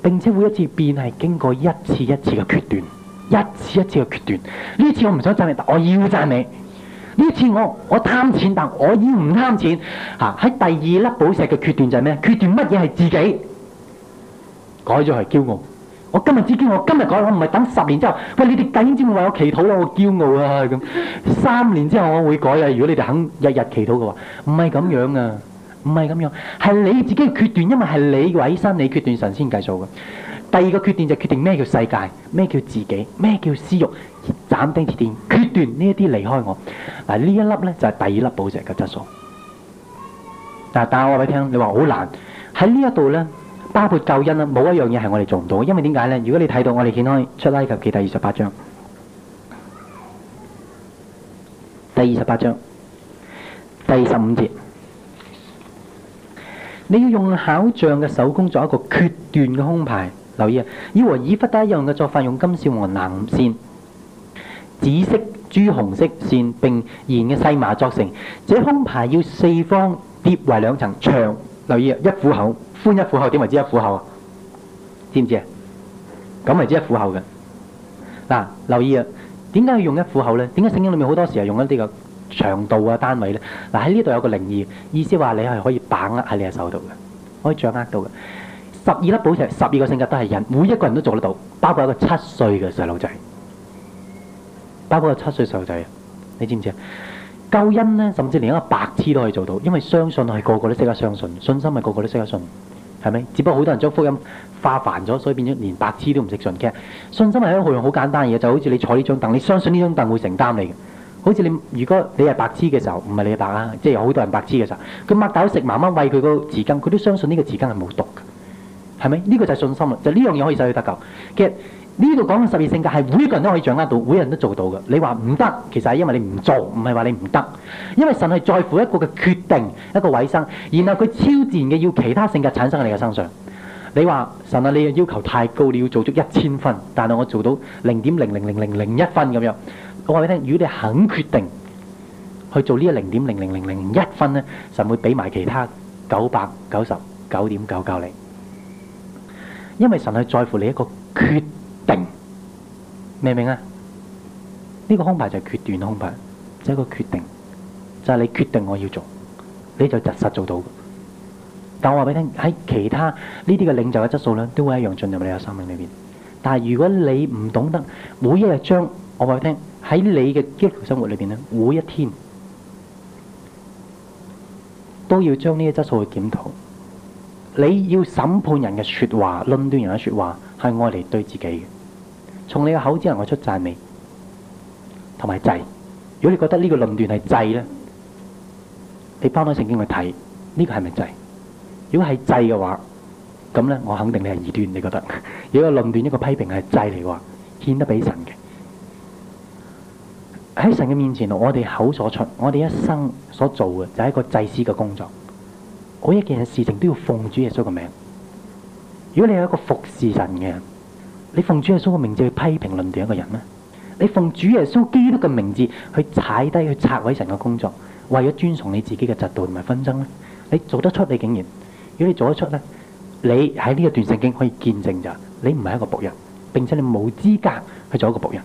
並且每一次變係經過一次一次嘅決斷，一次一次嘅決斷。呢次我唔想讚你，但我要讚你。呢次我我貪錢，但我要唔貪錢。嚇！喺第二粒寶石嘅決斷就係咩？決斷乜嘢係自己？改咗係驕傲，我今日只驕傲，今日改，我唔係等十年之後。喂，你哋幾天至會為我祈禱，我驕傲啊咁。三年之後我會改啊！如果你哋肯日日祈禱嘅話，唔係咁樣啊，唔係咁樣，係你自己嘅決斷，因為係你委身，你決斷，神先計數嘅。第二個決斷就決定咩叫世界，咩叫自己，咩叫私欲，斬釘截鐵決斷呢一啲離開我。嗱呢一粒咧就係第二粒寶石嘅質素。嗱，但我話俾你聽，你話好難喺呢一度咧。包括救恩啦，冇一樣嘢係我哋做唔到。因為點解咧？如果你睇到我哋掀開出埃及記第二十八章，第二十八章第十五節，你要用巧匠嘅手工做一個決斷嘅胸牌。留意啊，要和以弗得一樣嘅做法，用金線和藍線、紫色、朱紅色線並染嘅細麻做成。這胸牌要四方疊為兩層，長，留意啊，一虎口。寬一虎口，點為之一虎口啊？知唔知啊？咁為之一虎口嘅。嗱，留意啊，點解要用一虎口咧？點解聖經裏面好多時係用一啲個長度啊單位咧？嗱喺呢度有個靈意，意思話你係可以把握喺你嘅手度嘅，可以掌握到嘅。十二粒寶石，十二個性格都係人，每一個人都做得到，包括一個七歲嘅細路仔，包括個七歲細路仔啊！你知唔知啊？救恩咧，甚至連一個白痴都可以做到，因為相信係個個都識得相信，信心係個個都識得信。係咪？只不過好多人將福音化繁咗，所以變咗連白痴都唔識信，其實信心係一種好簡單嘅嘢，就好似你坐呢張凳，你相信呢張凳會承擔你。好似你如果你係白痴嘅時候，唔係你嘅白啊，即係有好多人白痴嘅時候，佢擘大個食，慢慢餵佢個匙羹，佢都相信呢個匙羹係冇毒嘅，係咪？呢個就係信心啦，就呢樣嘢可以使去得救嘅。呢度講嘅十二性格係每一個人都可以掌握到，每一個人都做到嘅。你話唔得，其實係因為你唔做，唔係話你唔得。因為神係在乎一個嘅決定，一個委身，然後佢超自然嘅要其他性格產生喺你嘅身上。你話神啊，你嘅要求太高了，你要做足一千分，但係我做到零點零零零零零一分咁樣。我話你聽，如果你肯決定去做呢個零點零零零零一分咧，神會俾埋其他九百九十九點九九零，因為神係在乎你一個決定。定明唔明啊？呢、這個空白就係決斷嘅空白，就是、一個決定就係、是、你決定我要做，你就實實做到。但我話俾你聽，喺其他呢啲嘅領袖嘅質素咧，都會一樣進入你嘅生命裏邊。但係如果你唔懂得，每一日將我話俾你聽，喺你嘅基督徒生活裏邊咧，每一天都要將呢啲質素去檢討。你要審判人嘅說話，論斷人嘅說話，係愛嚟對自己嘅。從你嘅口之後我出讚美，同埋祭。如果你覺得呢個論斷係祭咧，你翻翻聖經去睇，呢、這個係咪祭？如果係祭嘅話，咁咧我肯定你係異端。你覺得呢個論斷、呢個批評係祭嚟嘅話，獻得俾神嘅。喺神嘅面前我哋口所出，我哋一生所做嘅就係、是、一個祭司嘅工作。每一件事情都要奉主耶穌嘅名。如果你係一個服侍神嘅，你奉主耶穌嘅名字去批評論斷一個人咩？你奉主耶穌基督嘅名字去踩低，去拆毀神嘅工作，為咗遵從你自己嘅制度同埋紛爭咧？你做得出？你竟然？如果你做得出咧，你喺呢一段聖經可以見證就，你唔係一個僕人，並且你冇資格去做一個僕人。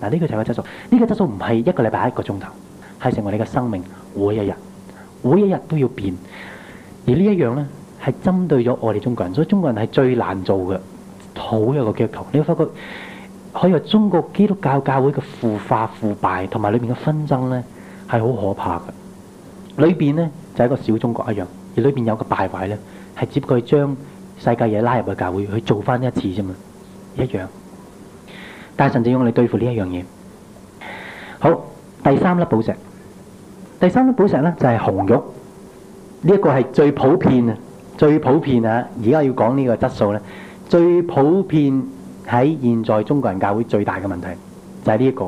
嗱、這、呢個就係個質素，呢、這個質素唔係一個禮拜一個鐘頭，係成為你嘅生命，每一日，每一日都要變。而呢一樣咧，係針對咗我哋中國人，所以中國人係最難做嘅。好有個結構，你會發覺可以話中國基督教教會嘅腐化腐敗同埋裏邊嘅紛爭咧，係好可怕嘅。裏邊咧就係一個小中國一樣，而裏邊有個敗壞咧，係只係將世界嘢拉入去教會去做翻一次啫嘛，一樣。但係甚至用嚟對付呢一樣嘢。好，第三粒寶石，第三粒寶石咧就係紅玉，呢一個係最普遍啊，最普遍啊，而家要講呢個質素咧。最普遍喺現在中國人教會最大嘅問題就係呢一個，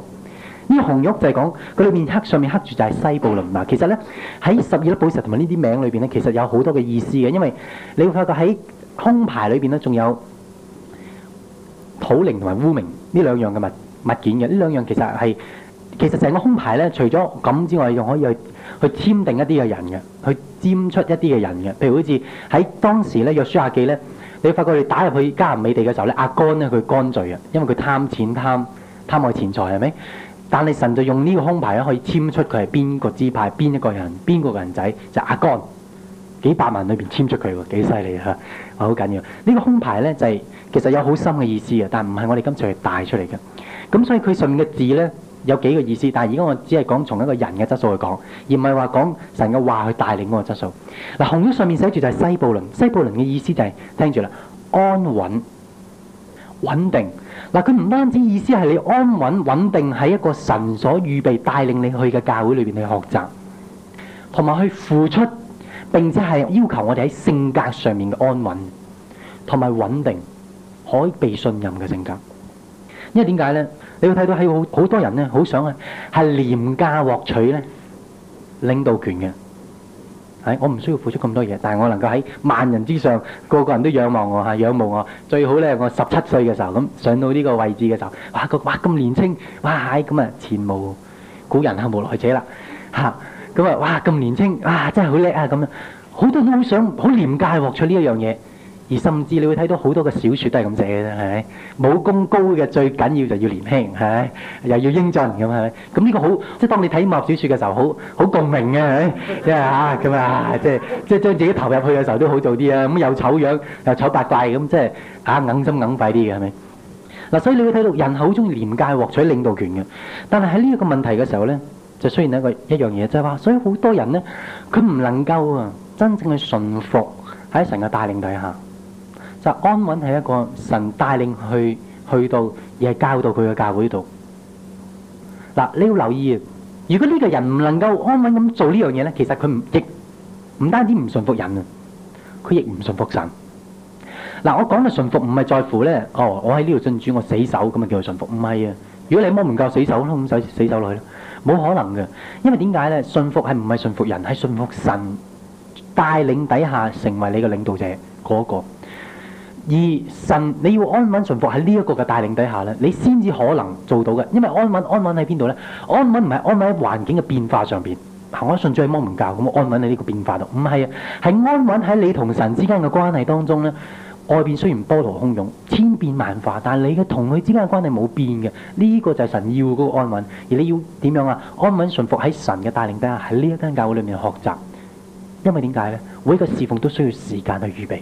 呢紅玉就係講佢裏面刻上面刻住就係西布倫啊。其實咧喺十二粒寶石同埋呢啲名裏邊咧，其實有好多嘅意思嘅。因為你會發覺喺胸牌裏邊咧，仲有土靈同埋烏明呢兩樣嘅物物件嘅。呢兩樣其實係其實成個胸牌咧，除咗咁之外，仲可以去去簽定一啲嘅人嘅，去占出一啲嘅人嘅。譬如好似喺當時咧約書亞記咧。你發覺你打入去迦南美地嘅時候咧，亞干咧佢幹罪啊，因為佢貪錢貪貪愛錢財係咪？但係神就用呢個胸牌咧，可以籤出佢係邊個支派、邊一個人、邊個人仔，就是、亞干幾百萬裏邊籤出佢喎，幾犀利嚇！好、啊、緊要、這個、胸呢個胸牌咧，就係、是、其實有好深嘅意思嘅，但唔係我哋今次去帶出嚟嘅。咁所以佢上面嘅字咧。有幾個意思，但係而家我只係講從一個人嘅質素去講，而唔係話講神嘅話去帶領嗰個質素。嗱，紅色上面寫住就係西布倫，西布倫嘅意思就係聽住啦，安穩穩定。嗱，佢唔單止意思係你安穩穩定喺一個神所預備帶領你去嘅教會裏邊去學習，同埋去付出，並且係要求我哋喺性格上面嘅安穩同埋穩定，可以被信任嘅性格。因為點解咧？你會睇到喺好多人咧，好想啊，係廉價獲取咧領導權嘅。係，我唔需要付出咁多嘢，但係我能夠喺萬人之上，個個人都仰望我嚇，仰慕我。最好咧，我十七歲嘅時候咁上到呢個位置嘅時候，哇個哇咁年青，哇嗨，咁啊，前無古人後無來者啦嚇。咁啊，哇，咁年青啊，真係好叻啊咁樣，好多人都好想好廉價獲取呢一樣嘢。而甚至你會睇到好多個小説都係咁寫嘅啫，係咪？武功高嘅最緊要就要年輕，係咪？又要英俊咁，係咪？咁呢個好，即係當你睇武俠小説嘅時候，好好共鳴嘅，係咪？即係啊咁啊！即係即係將自己投入去嘅時候都好做啲啊！咁又醜樣又醜八怪咁，即係啊硬心硬肺啲嘅，係咪？嗱，所以你會睇到人口鍾意廉價獲取領導權嘅，但係喺呢一個問題嘅時候咧，就出現一個一樣嘢，就係話，所以好多人咧，佢唔能夠啊真正去順服喺神嘅帶領底下。就安穩係一個神帶領佢去到，而係教導佢嘅教會度。嗱，你要留意，如果呢個人唔能夠安穩咁做呢樣嘢咧，其實佢唔亦唔單止唔順服人啊，佢亦唔順服神。嗱，我講嘅順服唔係在乎咧，哦，我喺呢度遵主我死守，咁啊叫做順服，唔係啊。如果你摸唔夠死守咯，咁使死守落去，冇可能嘅。因為點解咧？順服係唔係順服人，係順服神帶領底下成為你嘅領導者嗰個。而神，你要安穩順服喺呢一個嘅帶領底下咧，你先至可能做到嘅。因為安穩，安穩喺邊度咧？安穩唔係安穩喺環境嘅變化上邊。行安順序去摩門教咁，安穩喺呢個變化度。唔係啊，係安穩喺你同神之間嘅關係當中咧。外邊雖然波濤洶湧、千變萬化，但係你嘅同佢之間嘅關係冇變嘅。呢、這個就係神要嗰個安穩。而你要點樣啊？安穩順服喺神嘅帶領底下，喺呢一間教會裡面學習。因為點解咧？每一個侍奉都需要時間去預備。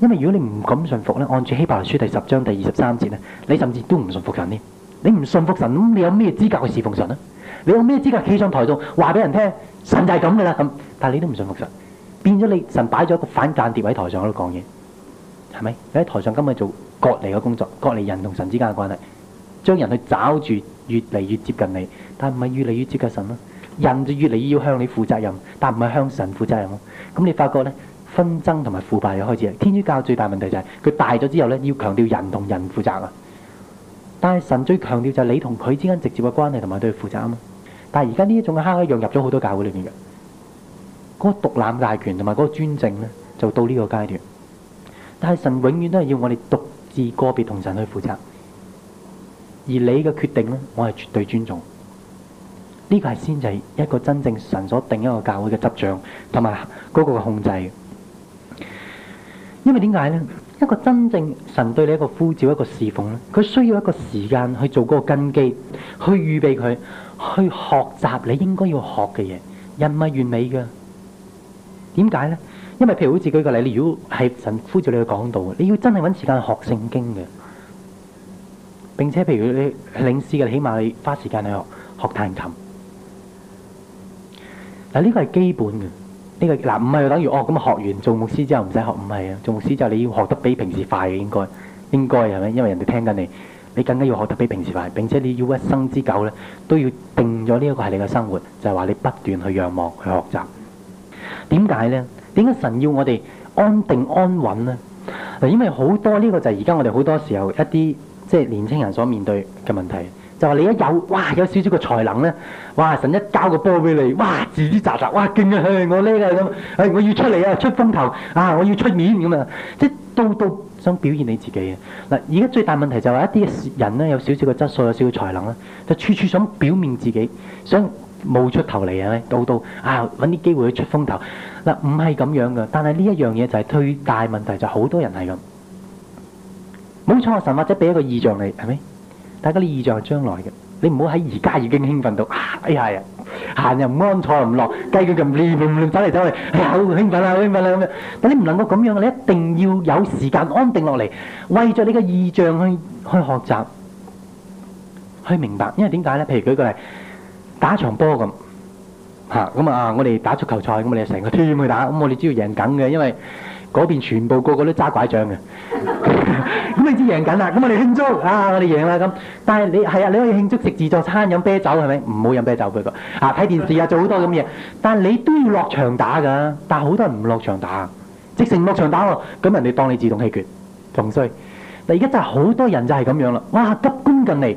因為如果你唔敢信服咧，按住希伯來書第十章第二十三節咧，你甚至都唔信服神咧。你唔信服神，你有咩資格去侍奉神啊？你有咩資格企上台度話俾人聽？神就係咁噶啦咁，但係你都唔信服神，變咗你神擺咗一個反間諜喺台上嗰度講嘢，係咪？你喺台上今日做隔離嘅工作，隔離人同神之間嘅關係，將人去抓住越嚟越接近你，但唔係越嚟越接近神咯。人就越嚟越要向你負責任，但唔係向神負責任咯。咁你發覺咧？紛爭同埋腐敗有開始。天主教最大問題就係、是、佢大咗之後咧，要強調人同人負責啊。但係神最強調就係你同佢之間直接嘅關係同埋對負責啊。但係而家呢一種蝦一樣入咗好多教會裏邊嘅，嗰、那個獨攬大權同埋嗰個專政咧，就到呢個階段。但係神永遠都係要我哋獨自個別同神去負責，而你嘅決定咧，我係絕對尊重。呢、這個係先至係一個真正神所定一個教會嘅執掌同埋嗰個控制。因為點解咧？一個真正神對你一個呼召一個侍奉咧，佢需要一個時間去做嗰個根基，去預備佢，去學習你應該要學嘅嘢。人唔係完美㗎，點解咧？因為譬如好似舉個例子，你如果係神呼召你去講道，你要真係搵時間學聖經嘅，並且譬如你領事嘅，起碼你花時間去學學彈琴。嗱，呢個係基本嘅。呢個嗱，唔係等於哦，咁學完做牧師之後唔使學，唔係啊！做牧師之後你要學得比平時快嘅，應該應該係咪？因為人哋聽緊你，你更加要學得比平時快。並且你要一生之久咧，都要定咗呢一個係你嘅生活，就係話你不斷去仰望去學習。點解咧？點解神要我哋安定安穩咧？嗱，因為好多呢個就係而家我哋好多時候一啲即係年輕人所面對嘅問題。就話你一有，哇有少少個才能咧，哇神一交個波俾你，哇字字扎扎，哇勁啊！我叻嘅咁，哎我要出嚟啊出風頭，啊我要出面咁啊，即係到到想表現你自己啊嗱！而家最大問題就係一啲人咧有少少個質素，有少少才能啦，就處處想表面自己，想冒出頭嚟係咪？到到啊揾啲機會去出風頭嗱，唔係咁樣嘅，但係呢一樣嘢就係最大問題，就好多人係咁。冇錯，神或者俾一個意象你係咪？大家啲意象係將來嘅，你唔好喺而家已經興奮到啊！哎呀呀，行又唔安，坐又唔落，雞腳咁亂亂亂走嚟走去，哎呀好興奮啦！好興奮啦咁樣，但你唔能夠咁樣嘅，你一定要有時間安定落嚟，為咗你嘅意象去去學習，去明白。因為點解咧？譬如舉個例，打場波咁嚇咁啊！我哋打足球賽咁，我哋成個 team 去打，咁我哋只要贏緊嘅，因為嗰邊全部個個都揸拐杖嘅。咁你知贏緊啦，咁我哋慶祝啊！我哋贏啦咁，但係你係啊，你可以慶祝食自助餐、飲啤酒係咪？唔好飲啤酒俾佢啊，睇電視啊，做好多咁嘢。但係你都要落場打㗎，但係好多人唔落場打，直成落場打喎。咁人哋當你自動棄權，仲衰。但係而家就係好多人就係咁樣啦，哇，急功近利，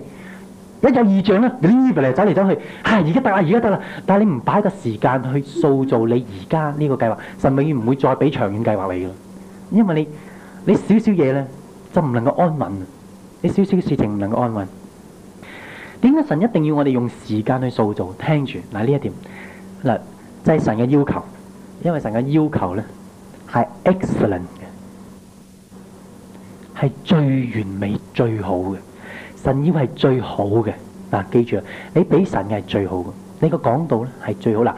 一有異象咧，呢邊嚟走嚟走去，嚇而家得啦，而家得啦，但係你唔擺個時間去塑造你而家呢個計劃，神永遠唔會再俾長遠計劃你㗎，因為你你少少嘢咧。就唔能夠安穩，你小小嘅事情唔能夠安穩。點解神一定要我哋用時間去塑造？聽住，嗱呢一點，嗱即係神嘅要求。因為神嘅要求咧係 excellent 嘅，係最完美，最好嘅。神要係最好嘅，嗱記住啊，你俾神嘅係最好嘅，你個講道咧係最好啦。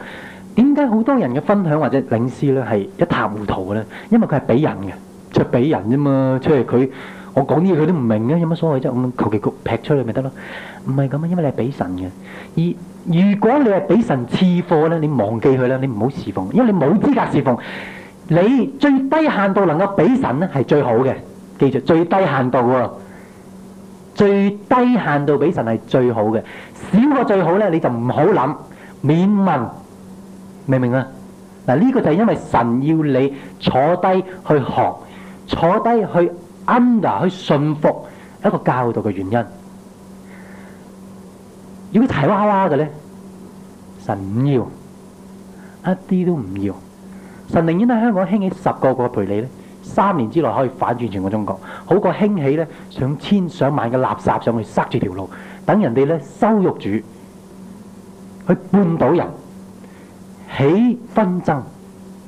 嗱，點解好多人嘅分享或者領詩咧係一塌糊塗嘅咧？因為佢係俾人嘅。出係俾人啫嘛！出嚟佢，我講啲嘢佢都唔明嘅，有乜所謂啫？咁求其割劈出去咪得咯？唔係咁啊，因為你係俾神嘅。如如果你係俾神次貨咧，你忘記佢啦，你唔好侍奉，因為你冇資格侍奉。你最低限度能夠俾神咧係最好嘅，記住最低限度喎，最低限度俾神係最好嘅，少過最好咧你就唔好諗，免問，明唔明啊？嗱、這、呢個就係因為神要你坐低去學。坐低去 under 去信服一個教導嘅原因，如果柴娃娃嘅咧，神唔要，一啲都唔要。神寧願喺香港興起十個個培理咧，三年之內可以反轉全個中國，好過興起咧上千上萬嘅垃圾上去塞住條路，等人哋咧羞辱主，去絆倒人起紛爭、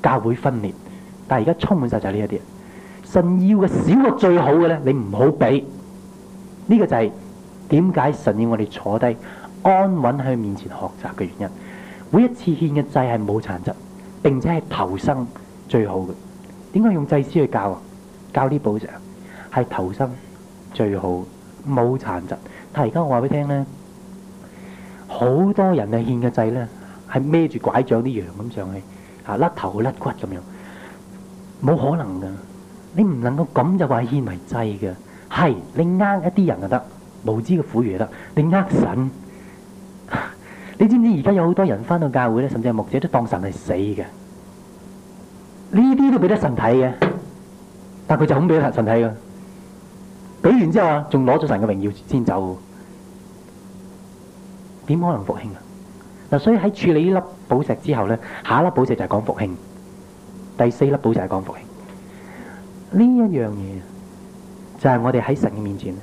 教會分裂，但係而家充滿曬就係呢一啲。神要嘅少嘅最好嘅咧，你唔好俾。呢個就係點解神要我哋坐低安穩喺佢面前學習嘅原因。每一次獻嘅祭係冇殘疾，並且係投生最好嘅。點解用祭司去教啊？教啲寶石係投生最好冇殘疾。但係而家我話俾你聽咧，好多人嘅獻嘅祭咧係孭住拐杖啲羊咁上去啊，甩頭甩骨咁樣，冇可能噶。你唔能夠咁就話獻為祭嘅，係你呃一啲人就得，無知嘅婦女就得，你呃神，你知唔知而家有好多人返到教會咧，甚至係牧者都當神係死嘅，呢啲都俾得神睇嘅，但係佢就唔俾神睇㗎，俾完之後啊，仲攞咗神嘅榮耀先走，點可能復興啊？嗱，所以喺處理呢粒寶石之後咧，下一粒寶石就係講復興，第四粒寶石係講復興。呢一樣嘢就係我哋喺神嘅面前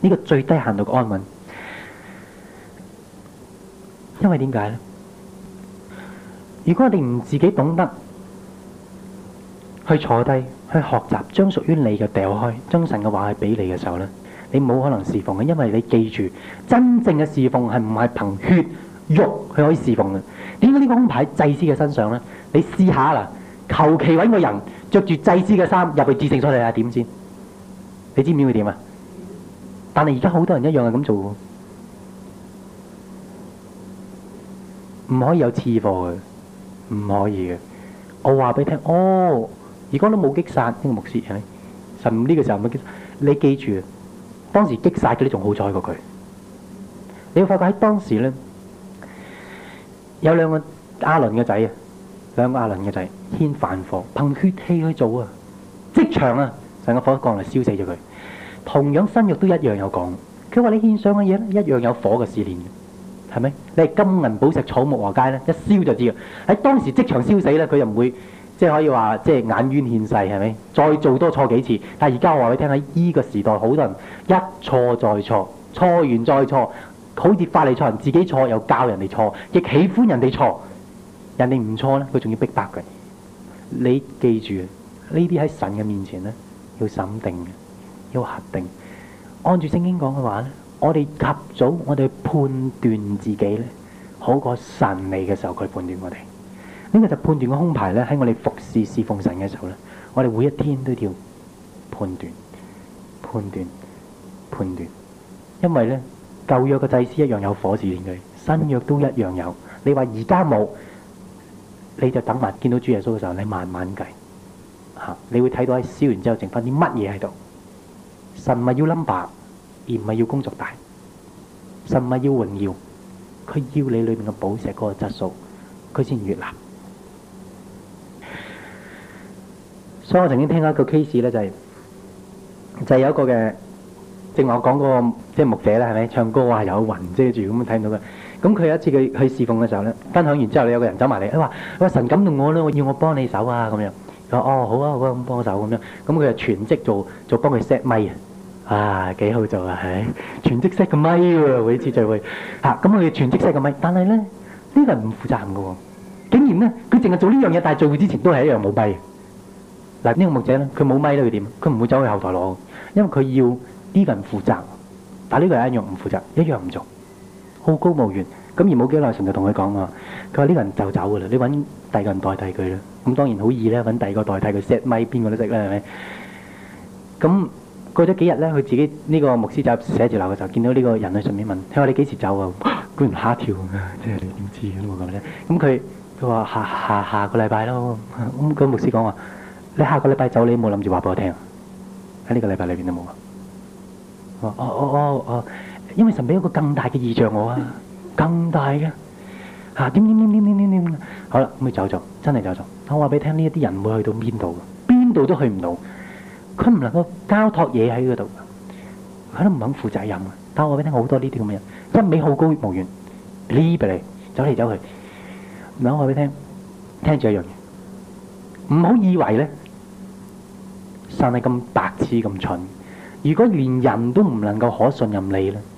呢個最低限度嘅安穩，因為點解咧？如果我哋唔自己懂得去坐低去學習，將屬於你嘅掉開，將神嘅話係俾你嘅時候咧，你冇可能侍奉嘅。因為你記住，真正嘅侍奉係唔係憑血肉去可以侍奉嘅。點解呢個安排喺祭司嘅身上咧？你試下啦，求其揾個人。着住祭司嘅衫入去至聖所，你係點先？你知唔知佢點啊？但係而家好多人一樣係咁做，唔可以有次貨嘅，唔可以嘅。我話俾你聽，哦，如果都冇擊殺，呢、呢個牧師係神呢個時候唔冇擊，你記住，當時擊殺佢，你仲好彩過佢。你要發覺喺當時咧，有兩個阿倫嘅仔啊。兩個亞倫嘅就係獻凡火，憑血氣去做啊！即場啊，成個火一降嚟燒死咗佢。同樣身肉都一樣有講，佢話你獻上嘅嘢一樣有火嘅試煉，係咪？你係金銀寶石、草木禾稭咧，一燒就知嘅。喺當時即場燒死啦，佢又唔會即係可以話即係眼冤獻世，係咪？再做多錯幾次，但係而家我話畀你聽喺依個時代，好多人一錯再錯，錯完再錯，好似法利賽人自己錯又教人哋錯，亦喜歡人哋錯。人哋唔錯咧，佢仲要逼白嘅。你記住呢啲喺神嘅面前咧，要審定，要核定。按住聖經講嘅話咧，我哋及早我哋去判斷自己咧，好過神嚟嘅時候佢判斷我哋。呢、呢個就判斷嘅胸牌咧，喺我哋服侍侍奉神嘅時候咧，我哋每一天都要判斷、判斷、判斷。因為咧舊約嘅祭司一樣有火字典嘅，新約都一樣有。你話而家冇？你就等埋，見到主耶穌嘅時候，你慢慢計吓，你會睇到喺燒完之後剩翻啲乜嘢喺度。神唔係要 number，而唔係要工作大。神唔係要榮耀，佢要你裏面嘅寶石嗰個質素，佢先越南。所以我曾經聽過一個 case 咧，就係就係有一個嘅，正話我講嗰個即係牧者啦，係咪唱歌啊有雲遮住咁樣聽到嘅。咁佢有一次佢去侍奉嘅時候咧，分享完之後咧有個人走埋嚟，佢話：喂，神感動我啦，要我幫你手啊咁樣。佢話：哦好啊好啊，咁幫手咁樣。咁佢就全職做做幫佢 set 咪啊，幾好做啊係！全職 set 個咪喎，每次聚會。嚇，咁佢哋全職 set 個咪，但係咧呢個人唔負責任嘅喎，竟然咧佢淨係做呢樣嘢，但係聚會之前都係一樣冇咪。嗱呢個牧者咧，佢冇咪咧佢點？佢唔會走去後台攞，因為佢要呢個人負責，但呢個人一樣唔負責，一樣唔做。好高騖遠，咁而冇幾耐，神就同佢講喎。佢話：呢個人就走㗎啦，你揾第二個人代替佢啦。咁當然好易咧，揾第二個代替佢 set 咪邊個都識啦，係咪？咁、嗯、過咗幾日咧，佢自己呢個牧師就寫字樓嘅時候，見到呢個人喺上面問，佢話：你幾時走啊？忽然嚇一跳㗎，即係你點知嘅冇咁咧？咁佢佢話：下下下個禮拜咯。咁、嗯，那個牧師講話：你下個禮拜走，你冇諗住話俾我聽？喺呢個禮拜裡面都冇啊。哦哦哦哦。哦哦哦哦哦哦哦。因為神俾一個更大嘅異象我啊，更大嘅嚇點點點點點點點，好啦咁佢走咗，真係走咗。我話俾你聽，呢一啲人會去到邊度？邊度都去唔到，佢唔能夠交託嘢喺嗰度，佢都唔肯負責任啊！但我話俾你聽，好多呢啲咁嘅人，一味好高騖遠，呢邊嚟走嚟走去。唔係我話俾你聽，聽住一樣嘢，唔好以為咧生得咁白痴咁蠢，如果連人都唔能夠可信任你咧。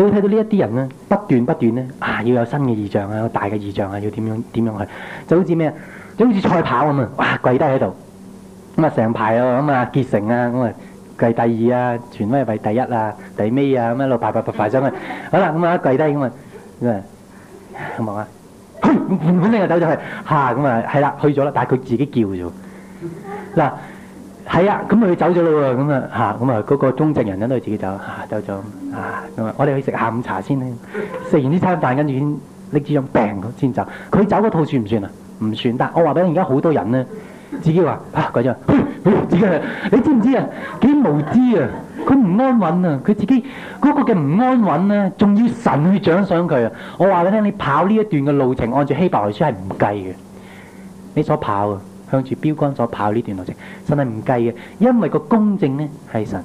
你會睇到呢一啲人咧，不斷不斷咧，啊，要有新嘅異象啊，有大嘅異象啊，要點樣點樣去？就好似咩？就好似賽跑咁啊！哇，跪低喺度，咁啊成排哦，咁啊結成啊，咁啊跪第二啊，全威跪第一啊，第尾啊，咁一路排排排排上去。好啦，咁啊跪低咁、嗯、啊，咁啊，咁唔啊？嘭！原本你就走咗去吓，咁啊係啦，去咗啦，但係佢自己叫啫嗱。係啊，咁佢走咗啦喎，咁啊嚇，咁啊嗰個中正人咧都係自己走、啊，走咗啊咁啊，我哋去食下午茶先啦，食完呢餐飯跟住拎支槍病先走，佢走嗰套算唔算啊？唔算得。我話俾你而家好多人咧，自己話啊嗰張、哎，你知唔知啊？幾無知啊！佢唔安穩啊！佢自己嗰、嗰個嘅唔安穩咧、啊，仲要神去獎賞佢啊！我話俾你聽，你跑呢一段嘅路程，按照希伯來書係唔計嘅，你所跑啊！向住標杆所跑呢段路程，真係唔計嘅，因為個公正咧係神，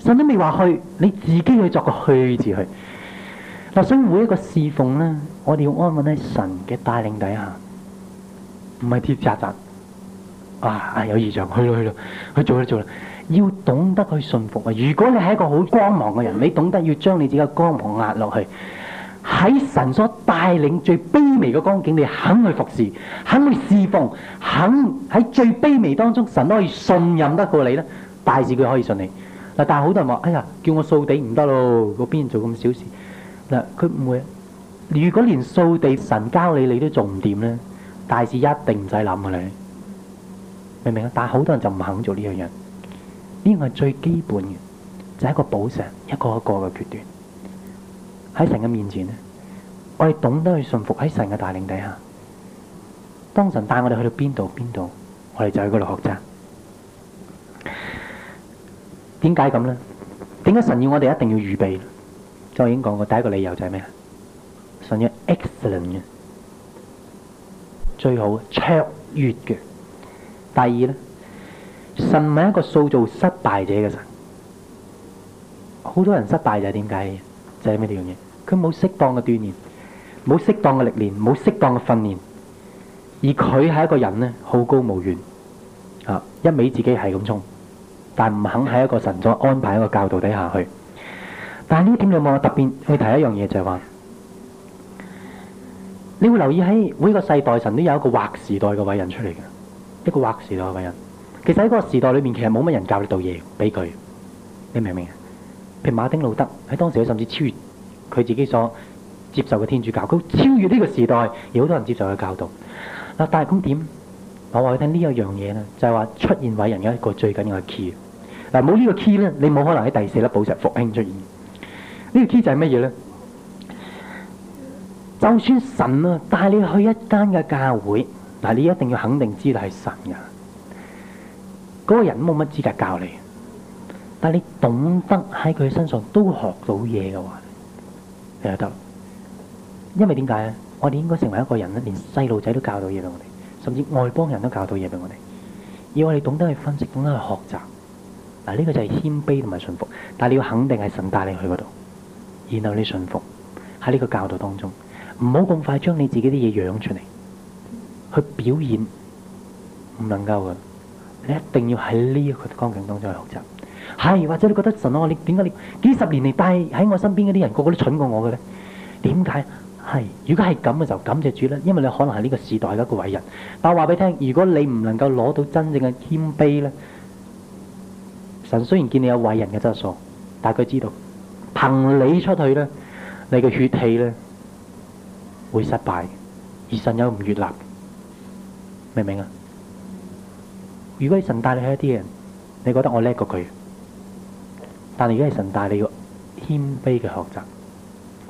神都未話去，你自己去作個去字去。嗱，所以每一個侍奉咧，我哋要安穩喺神嘅帶領底下，唔係跌扎扎，啊啊有異象，去咯去咯，去做啦做啦，要懂得去信服啊！如果你係一個好光芒嘅人，你懂得要將你自己嘅光芒壓落去。喺神所帶領最卑微嘅光景，你肯去服侍，肯去侍奉，肯喺最卑微當中，神都可以信任得過你咧，大事佢可以信你嗱。但係好多人話：哎呀，叫我掃地唔得咯，嗰邊做咁小事嗱，佢唔會。如果連掃地神交你，你都做唔掂咧，大事一定唔使諗噶你，明唔明啊？但係好多人就唔肯做呢樣嘢，呢個係最基本嘅，就係一個寶石，一個一個嘅決斷。喺神嘅面前咧，我哋懂得去順服喺神嘅帶領底下。當神帶我哋去到邊度邊度，我哋就喺嗰度學習。點解咁咧？點解神要我哋一定要預備？就已經講過第一個理由就係咩？神要 excellent 嘅，最好卓越嘅。第二咧，神唔係一個塑造失敗者嘅神。好多人失敗就係點解？就係咩樣嘢？佢冇適當嘅鍛鍊，冇適當嘅歷練，冇適當嘅訓練，而佢係一個人咧好高騖遠啊！一味自己係咁衝，但唔肯喺一個神座安排一個教導底下去。但係呢點你有冇特別去睇一樣嘢？就係話，你會留意喺每一個世代，神都有一個劃時代嘅偉人出嚟嘅，一個劃時代嘅偉人。其實喺個時代裏面，其實冇乜人教你到嘢俾佢，你明唔明啊？譬如馬丁路德喺當時，佢甚至超越。佢自己所接受嘅天主教，佢超越呢個時代，有好多人接受佢教導嗱。但係咁點？我話你聽呢一樣嘢咧，就係、是、話出現偉人有一個最緊要嘅 key 嗱。冇呢個 key 咧，你冇可能喺第四粒寶石復興出現呢、這個 key 就係乜嘢咧？就算神啊帶你去一間嘅教會嗱，你一定要肯定知道係神嘅嗰、那個人冇乜資格教你，但係你懂得喺佢身上都學到嘢嘅話。就得，因為點解咧？我哋應該成為一個人咧，連細路仔都教到嘢俾我哋，甚至外邦人都教到嘢俾我哋，要我哋懂得去分析，懂得去學習。嗱、啊，呢、呢個就係謙卑同埋順服，但係你要肯定係神帶你去嗰度，然後你順服喺呢個教導當中，唔好咁快將你自己啲嘢養出嚟，去表現，唔能夠嘅。你一定要喺呢一個光景當中去學習。係或者你覺得神，我，你點解你幾十年嚟，帶喺我身邊嗰啲人個個都蠢過我嘅咧？點解？係如果係咁嘅時候，感謝主啦，因為你可能係呢個時代一個偉人。但我話俾你聽，如果你唔能夠攞到真正嘅謙卑咧，神雖然見你有偉人嘅質素，但佢知道憑你出去咧，你嘅血氣咧會失敗，而神有唔悅納。明唔明啊？如果神帶你去一啲人，你覺得我叻過佢？但係而家係神帶你個謙卑嘅學習，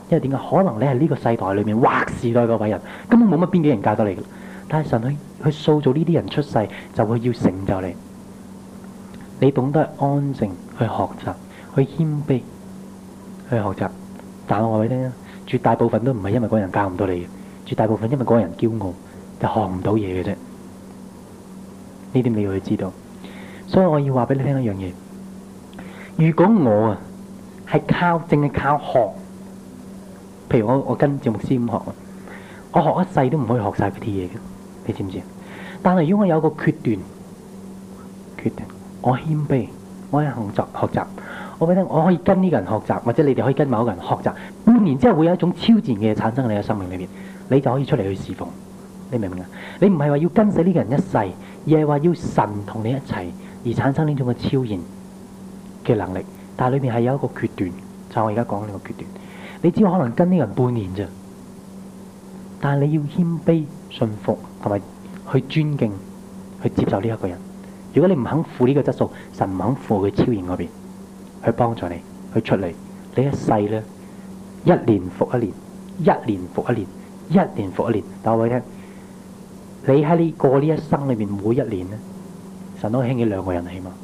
因為點解？可能你係呢個世代裏面劃時代嘅偉人，根本冇乜邊幾人教到你嘅。但係神去去塑造呢啲人出世，就會要成就你。你懂得安靜去學習，去謙卑去學習。但係我話俾你聽，絕大部分都唔係因為嗰個人教唔到你，絕大部分因為嗰個人驕傲就學唔到嘢嘅啫。呢啲你要去知道。所以我要話俾你聽一樣嘢。如果我啊，係靠淨係靠學，譬如我我跟教牧師咁學，我學一世都唔可以學晒佢啲嘢嘅，你知唔知？但係如果我有個決斷，決定，我謙卑，我肯學學習，我覺得我可以跟呢個人學習，或者你哋可以跟某個人學習，半年之後會有一種超自然嘅嘢產生喺你嘅生命裏面，你就可以出嚟去侍奉，你明唔明啊？你唔係話要跟死呢個人一世，而係話要神同你一齊而產生呢種嘅超然，嘅能力，但係裏邊係有一個決斷，就我而家講呢個決斷。你只可能跟呢個人半年咋，但係你要謙卑、信服同埋去尊敬、去接受呢一個人。如果你唔肯負呢個質素，神唔肯負佢超然嗰邊去幫助你去出嚟。你一世咧，一年復一年，一年復一年，一年復一年。但係我話你聽，你喺呢過呢一生裏邊每一年咧，神都興起兩個人，起碼。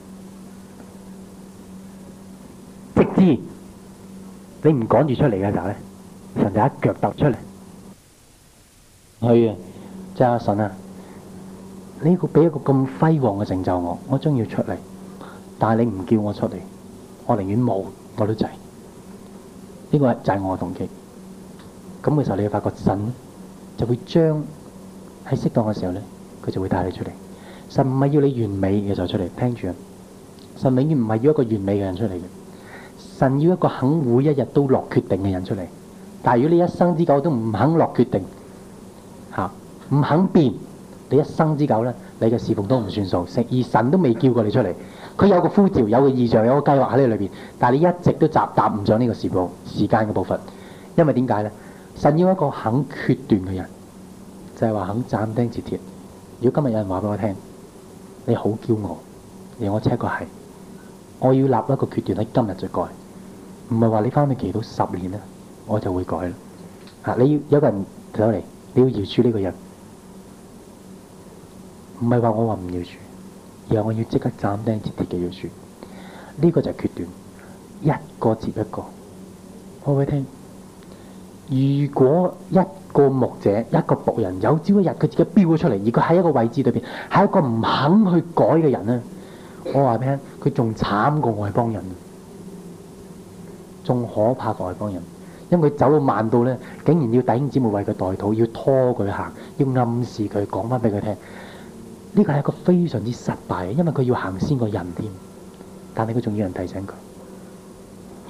你唔趕住出嚟嘅時候咧，神就一腳踏出嚟係啊！的即阿神啊，呢個俾一個咁輝煌嘅成就我，我將要出嚟，但係你唔叫我出嚟，我寧願冇我都制。呢、這個就係我嘅動機。咁嘅時候，你會發覺神就會將喺適當嘅時候咧，佢就會帶你出嚟。神唔係要你完美嘅時候出嚟，聽住，神永遠唔係要一個完美嘅人出嚟嘅。神要一個肯每一日都落決定嘅人出嚟，但係如果你一生之久都唔肯落決定，吓、啊、唔肯變，你一生之久咧，你嘅侍奉都唔算數，而神都未叫過你出嚟。佢有個呼召，有個意象，有個計劃喺呢裏邊，但係你一直都雜答唔上呢個事奉時間嘅步伐。因為點解咧？神要一個肯決斷嘅人，就係、是、話肯斬釘截鐵。如果今日有人話俾我聽，你好驕傲，而我確實係，我要立一個決斷喺今日就改。唔係話你翻去祈禱十年咧，我就會改啦。啊，你要有個人走嚟，你要饒恕呢個人，唔係話我話唔饒恕，而係我要即刻斬釘截鐵嘅饒恕。呢個就係決斷，一個接一個。可唔可以聽，如果一個牧者、一個僕人有朝一日佢自己飆咗出嚟，而佢喺一個位置裏邊，係一個唔肯去改嘅人咧，我話俾你聽，佢仲慘過外邦人。更可怕，外邦人，因為佢走到慢到咧，竟然要弟兄姊妹為佢代禱，要拖佢行，要暗示佢講翻俾佢聽。呢個係一個非常之失敗，因為佢要行先個人添，但係佢仲要人提醒佢，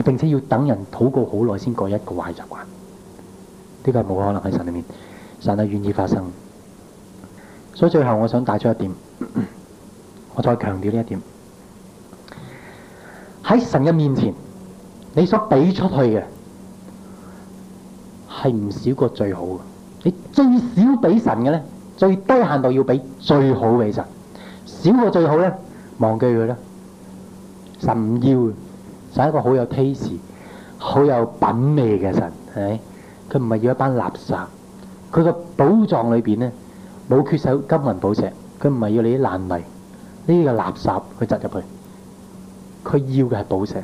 並且要等人禱告好耐先過一個壞習慣。呢個係冇可能喺神裏面，神係願意發生。所以最後我想帶出一點，我再強調呢一點：喺神嘅面前。你所俾出去嘅係唔少過最好嘅，你最少俾神嘅咧，最低限度要俾最好俾神，少過最好咧，忘記佢啦。神唔要就係一個好有 taste、好有品味嘅神，係咪？佢唔係要一班垃圾，佢個寶藏裏邊咧冇缺少金銀寶石，佢唔係要你啲爛泥呢個垃圾去擲入去，佢要嘅係寶石。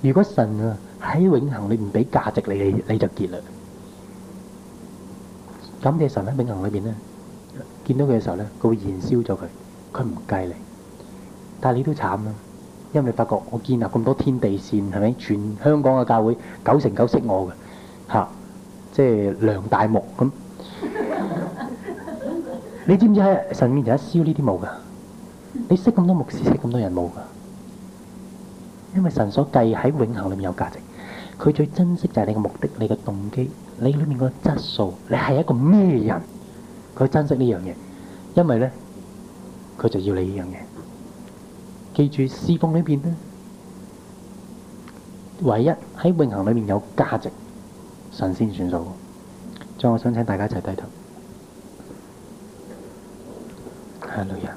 如果神啊喺永恒裏邊唔俾價值你，你你就結啦。咁你神喺永恒裏邊咧，見到佢嘅時候咧，佢會燃燒咗佢，佢唔計你，但係你都慘啦，因為你發覺我建立咁多天地線，係咪？全香港嘅教會九成九識我嘅，吓，即係量大木咁。你知唔知喺神面前一燒呢啲木噶？你識咁多牧師，識咁多人木噶？因為神所計喺永恒裏面有價值，佢最珍惜就係你嘅目的、你嘅動機、你裏面個質素，你係一個咩人，佢珍惜呢樣嘢。因為咧，佢就要你呢樣嘢。記住詩篇裏面咧，唯一喺永恒裏面有價值，神先算數。所以我想請大家一齊低頭。哈利呀！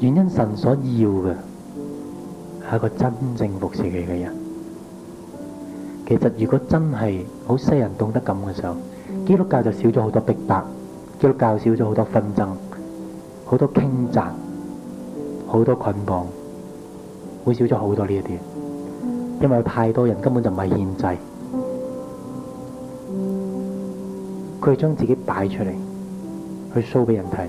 原因神所要嘅係一個真正服侍佢嘅人。其實如果真係好少人懂得咁嘅時候，基督教就少咗好多逼迫，基督教少咗好多紛爭，好多傾軋，好多捆綁，會少咗好多呢一啲。因為太多人根本就唔係獻祭，佢係將自己擺出嚟去 show 俾人睇。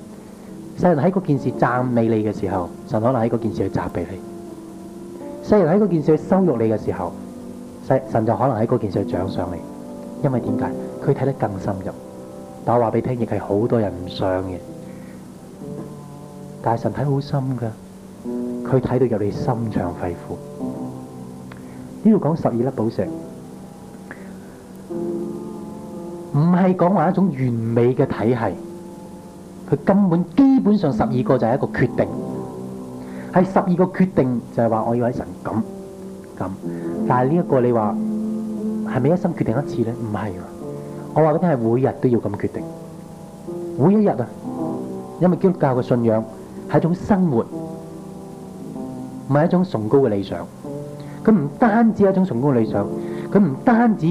世人喺嗰件事讚美你嘅時候，神可能喺嗰件事去責備你；世人喺嗰件事去羞辱你嘅時候，神就可能喺嗰件事去獎賞你。因為點解？佢睇得更深入。但我話俾你聽，亦係好多人唔想嘅。但係神睇好深㗎，佢睇到入你心腸肺腑。呢度講十二粒寶石，唔係講話一種完美嘅體系。佢根本基本上十二個就係一個決定，係十二個決定就係話我要喺神咁咁。但係呢一個你話，係咪一生決定一次咧？唔係，我話嗰啲係每日都要咁決定，每一日啊，因為基督教嘅信仰係一種生活，唔係一種崇高嘅理想。佢唔單止係一種崇高嘅理想，佢唔單止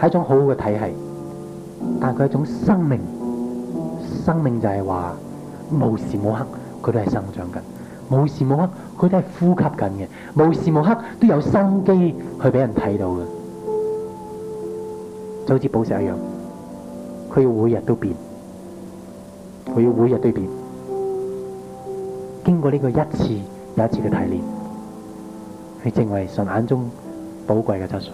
係一種好好嘅體系，但係佢係一種生命。生命就係話無時無刻佢都係生長緊，無時無刻佢都係呼吸緊嘅，無時無刻，都，著著無時無刻都有心機去俾人睇到嘅，就好似寶石一樣，佢要每日都變，佢要每日都變，經過呢個一次又一次嘅提煉，佢成為神眼中寶貴嘅質素。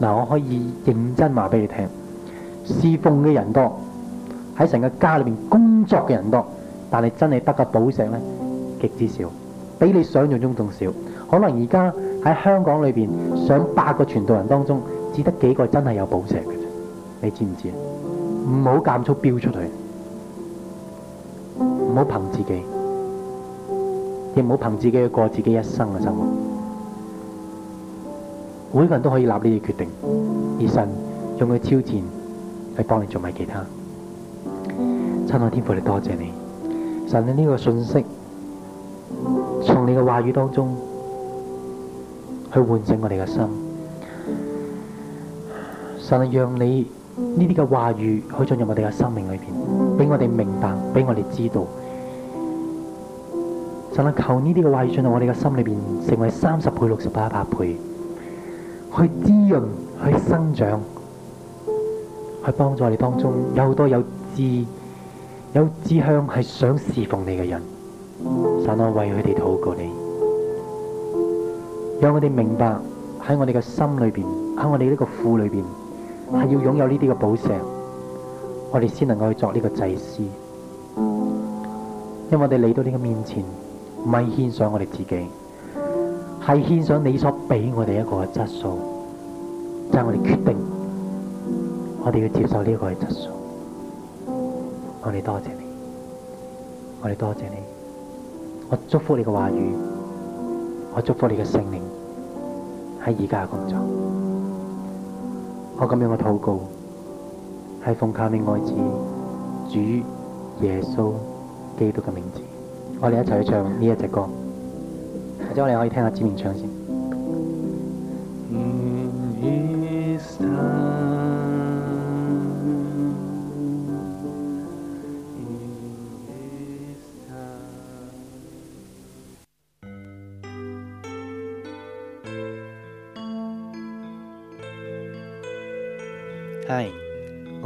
嗱，我可以認真話俾你聽，侍奉嘅人多。喺成個家裏面工作嘅人多，但係真係得個寶石咧極之少，比你想象中仲少。可能而家喺香港裏邊，上百個傳道人當中，只得幾個真係有寶石嘅啫。你知唔知？唔好急速飆出去，唔好憑自己，亦唔好憑自己去過自己一生嘅生活。每個人都可以立呢啲決定，以神用佢超戰去幫你做埋其他。親愛天父，你多謝你，神你呢個信息，從你嘅話語當中去喚醒我哋嘅心，神讓你呢啲嘅話語去進入我哋嘅生命裏邊，俾我哋明白，俾我哋知道，神啊求呢啲嘅話語進入我哋嘅心裏邊，成為三十倍、六十倍、一百倍，去滋潤、去生長、去幫助我哋當中有好多有。志有志向係想侍奉你嘅人，神，我為佢哋禱告你，讓我哋明白，喺我哋嘅心裏邊，喺我哋呢個庫裏邊係要擁有呢啲嘅寶石，我哋先能夠去作呢個祭司。因為我哋嚟到你嘅面前，唔係獻上我哋自己，係獻上你所俾我哋一個嘅質素，就係我哋決定，我哋要接受呢個嘅質素。我哋多謝你，我哋多謝你，我祝福你嘅話語，我祝福你嘅聖靈喺而家嘅工作。我咁樣嘅禱告係奉靠你愛子、主耶穌基督嘅名字，我哋一齊去唱呢一隻歌。或者我哋可以聽下志明唱先。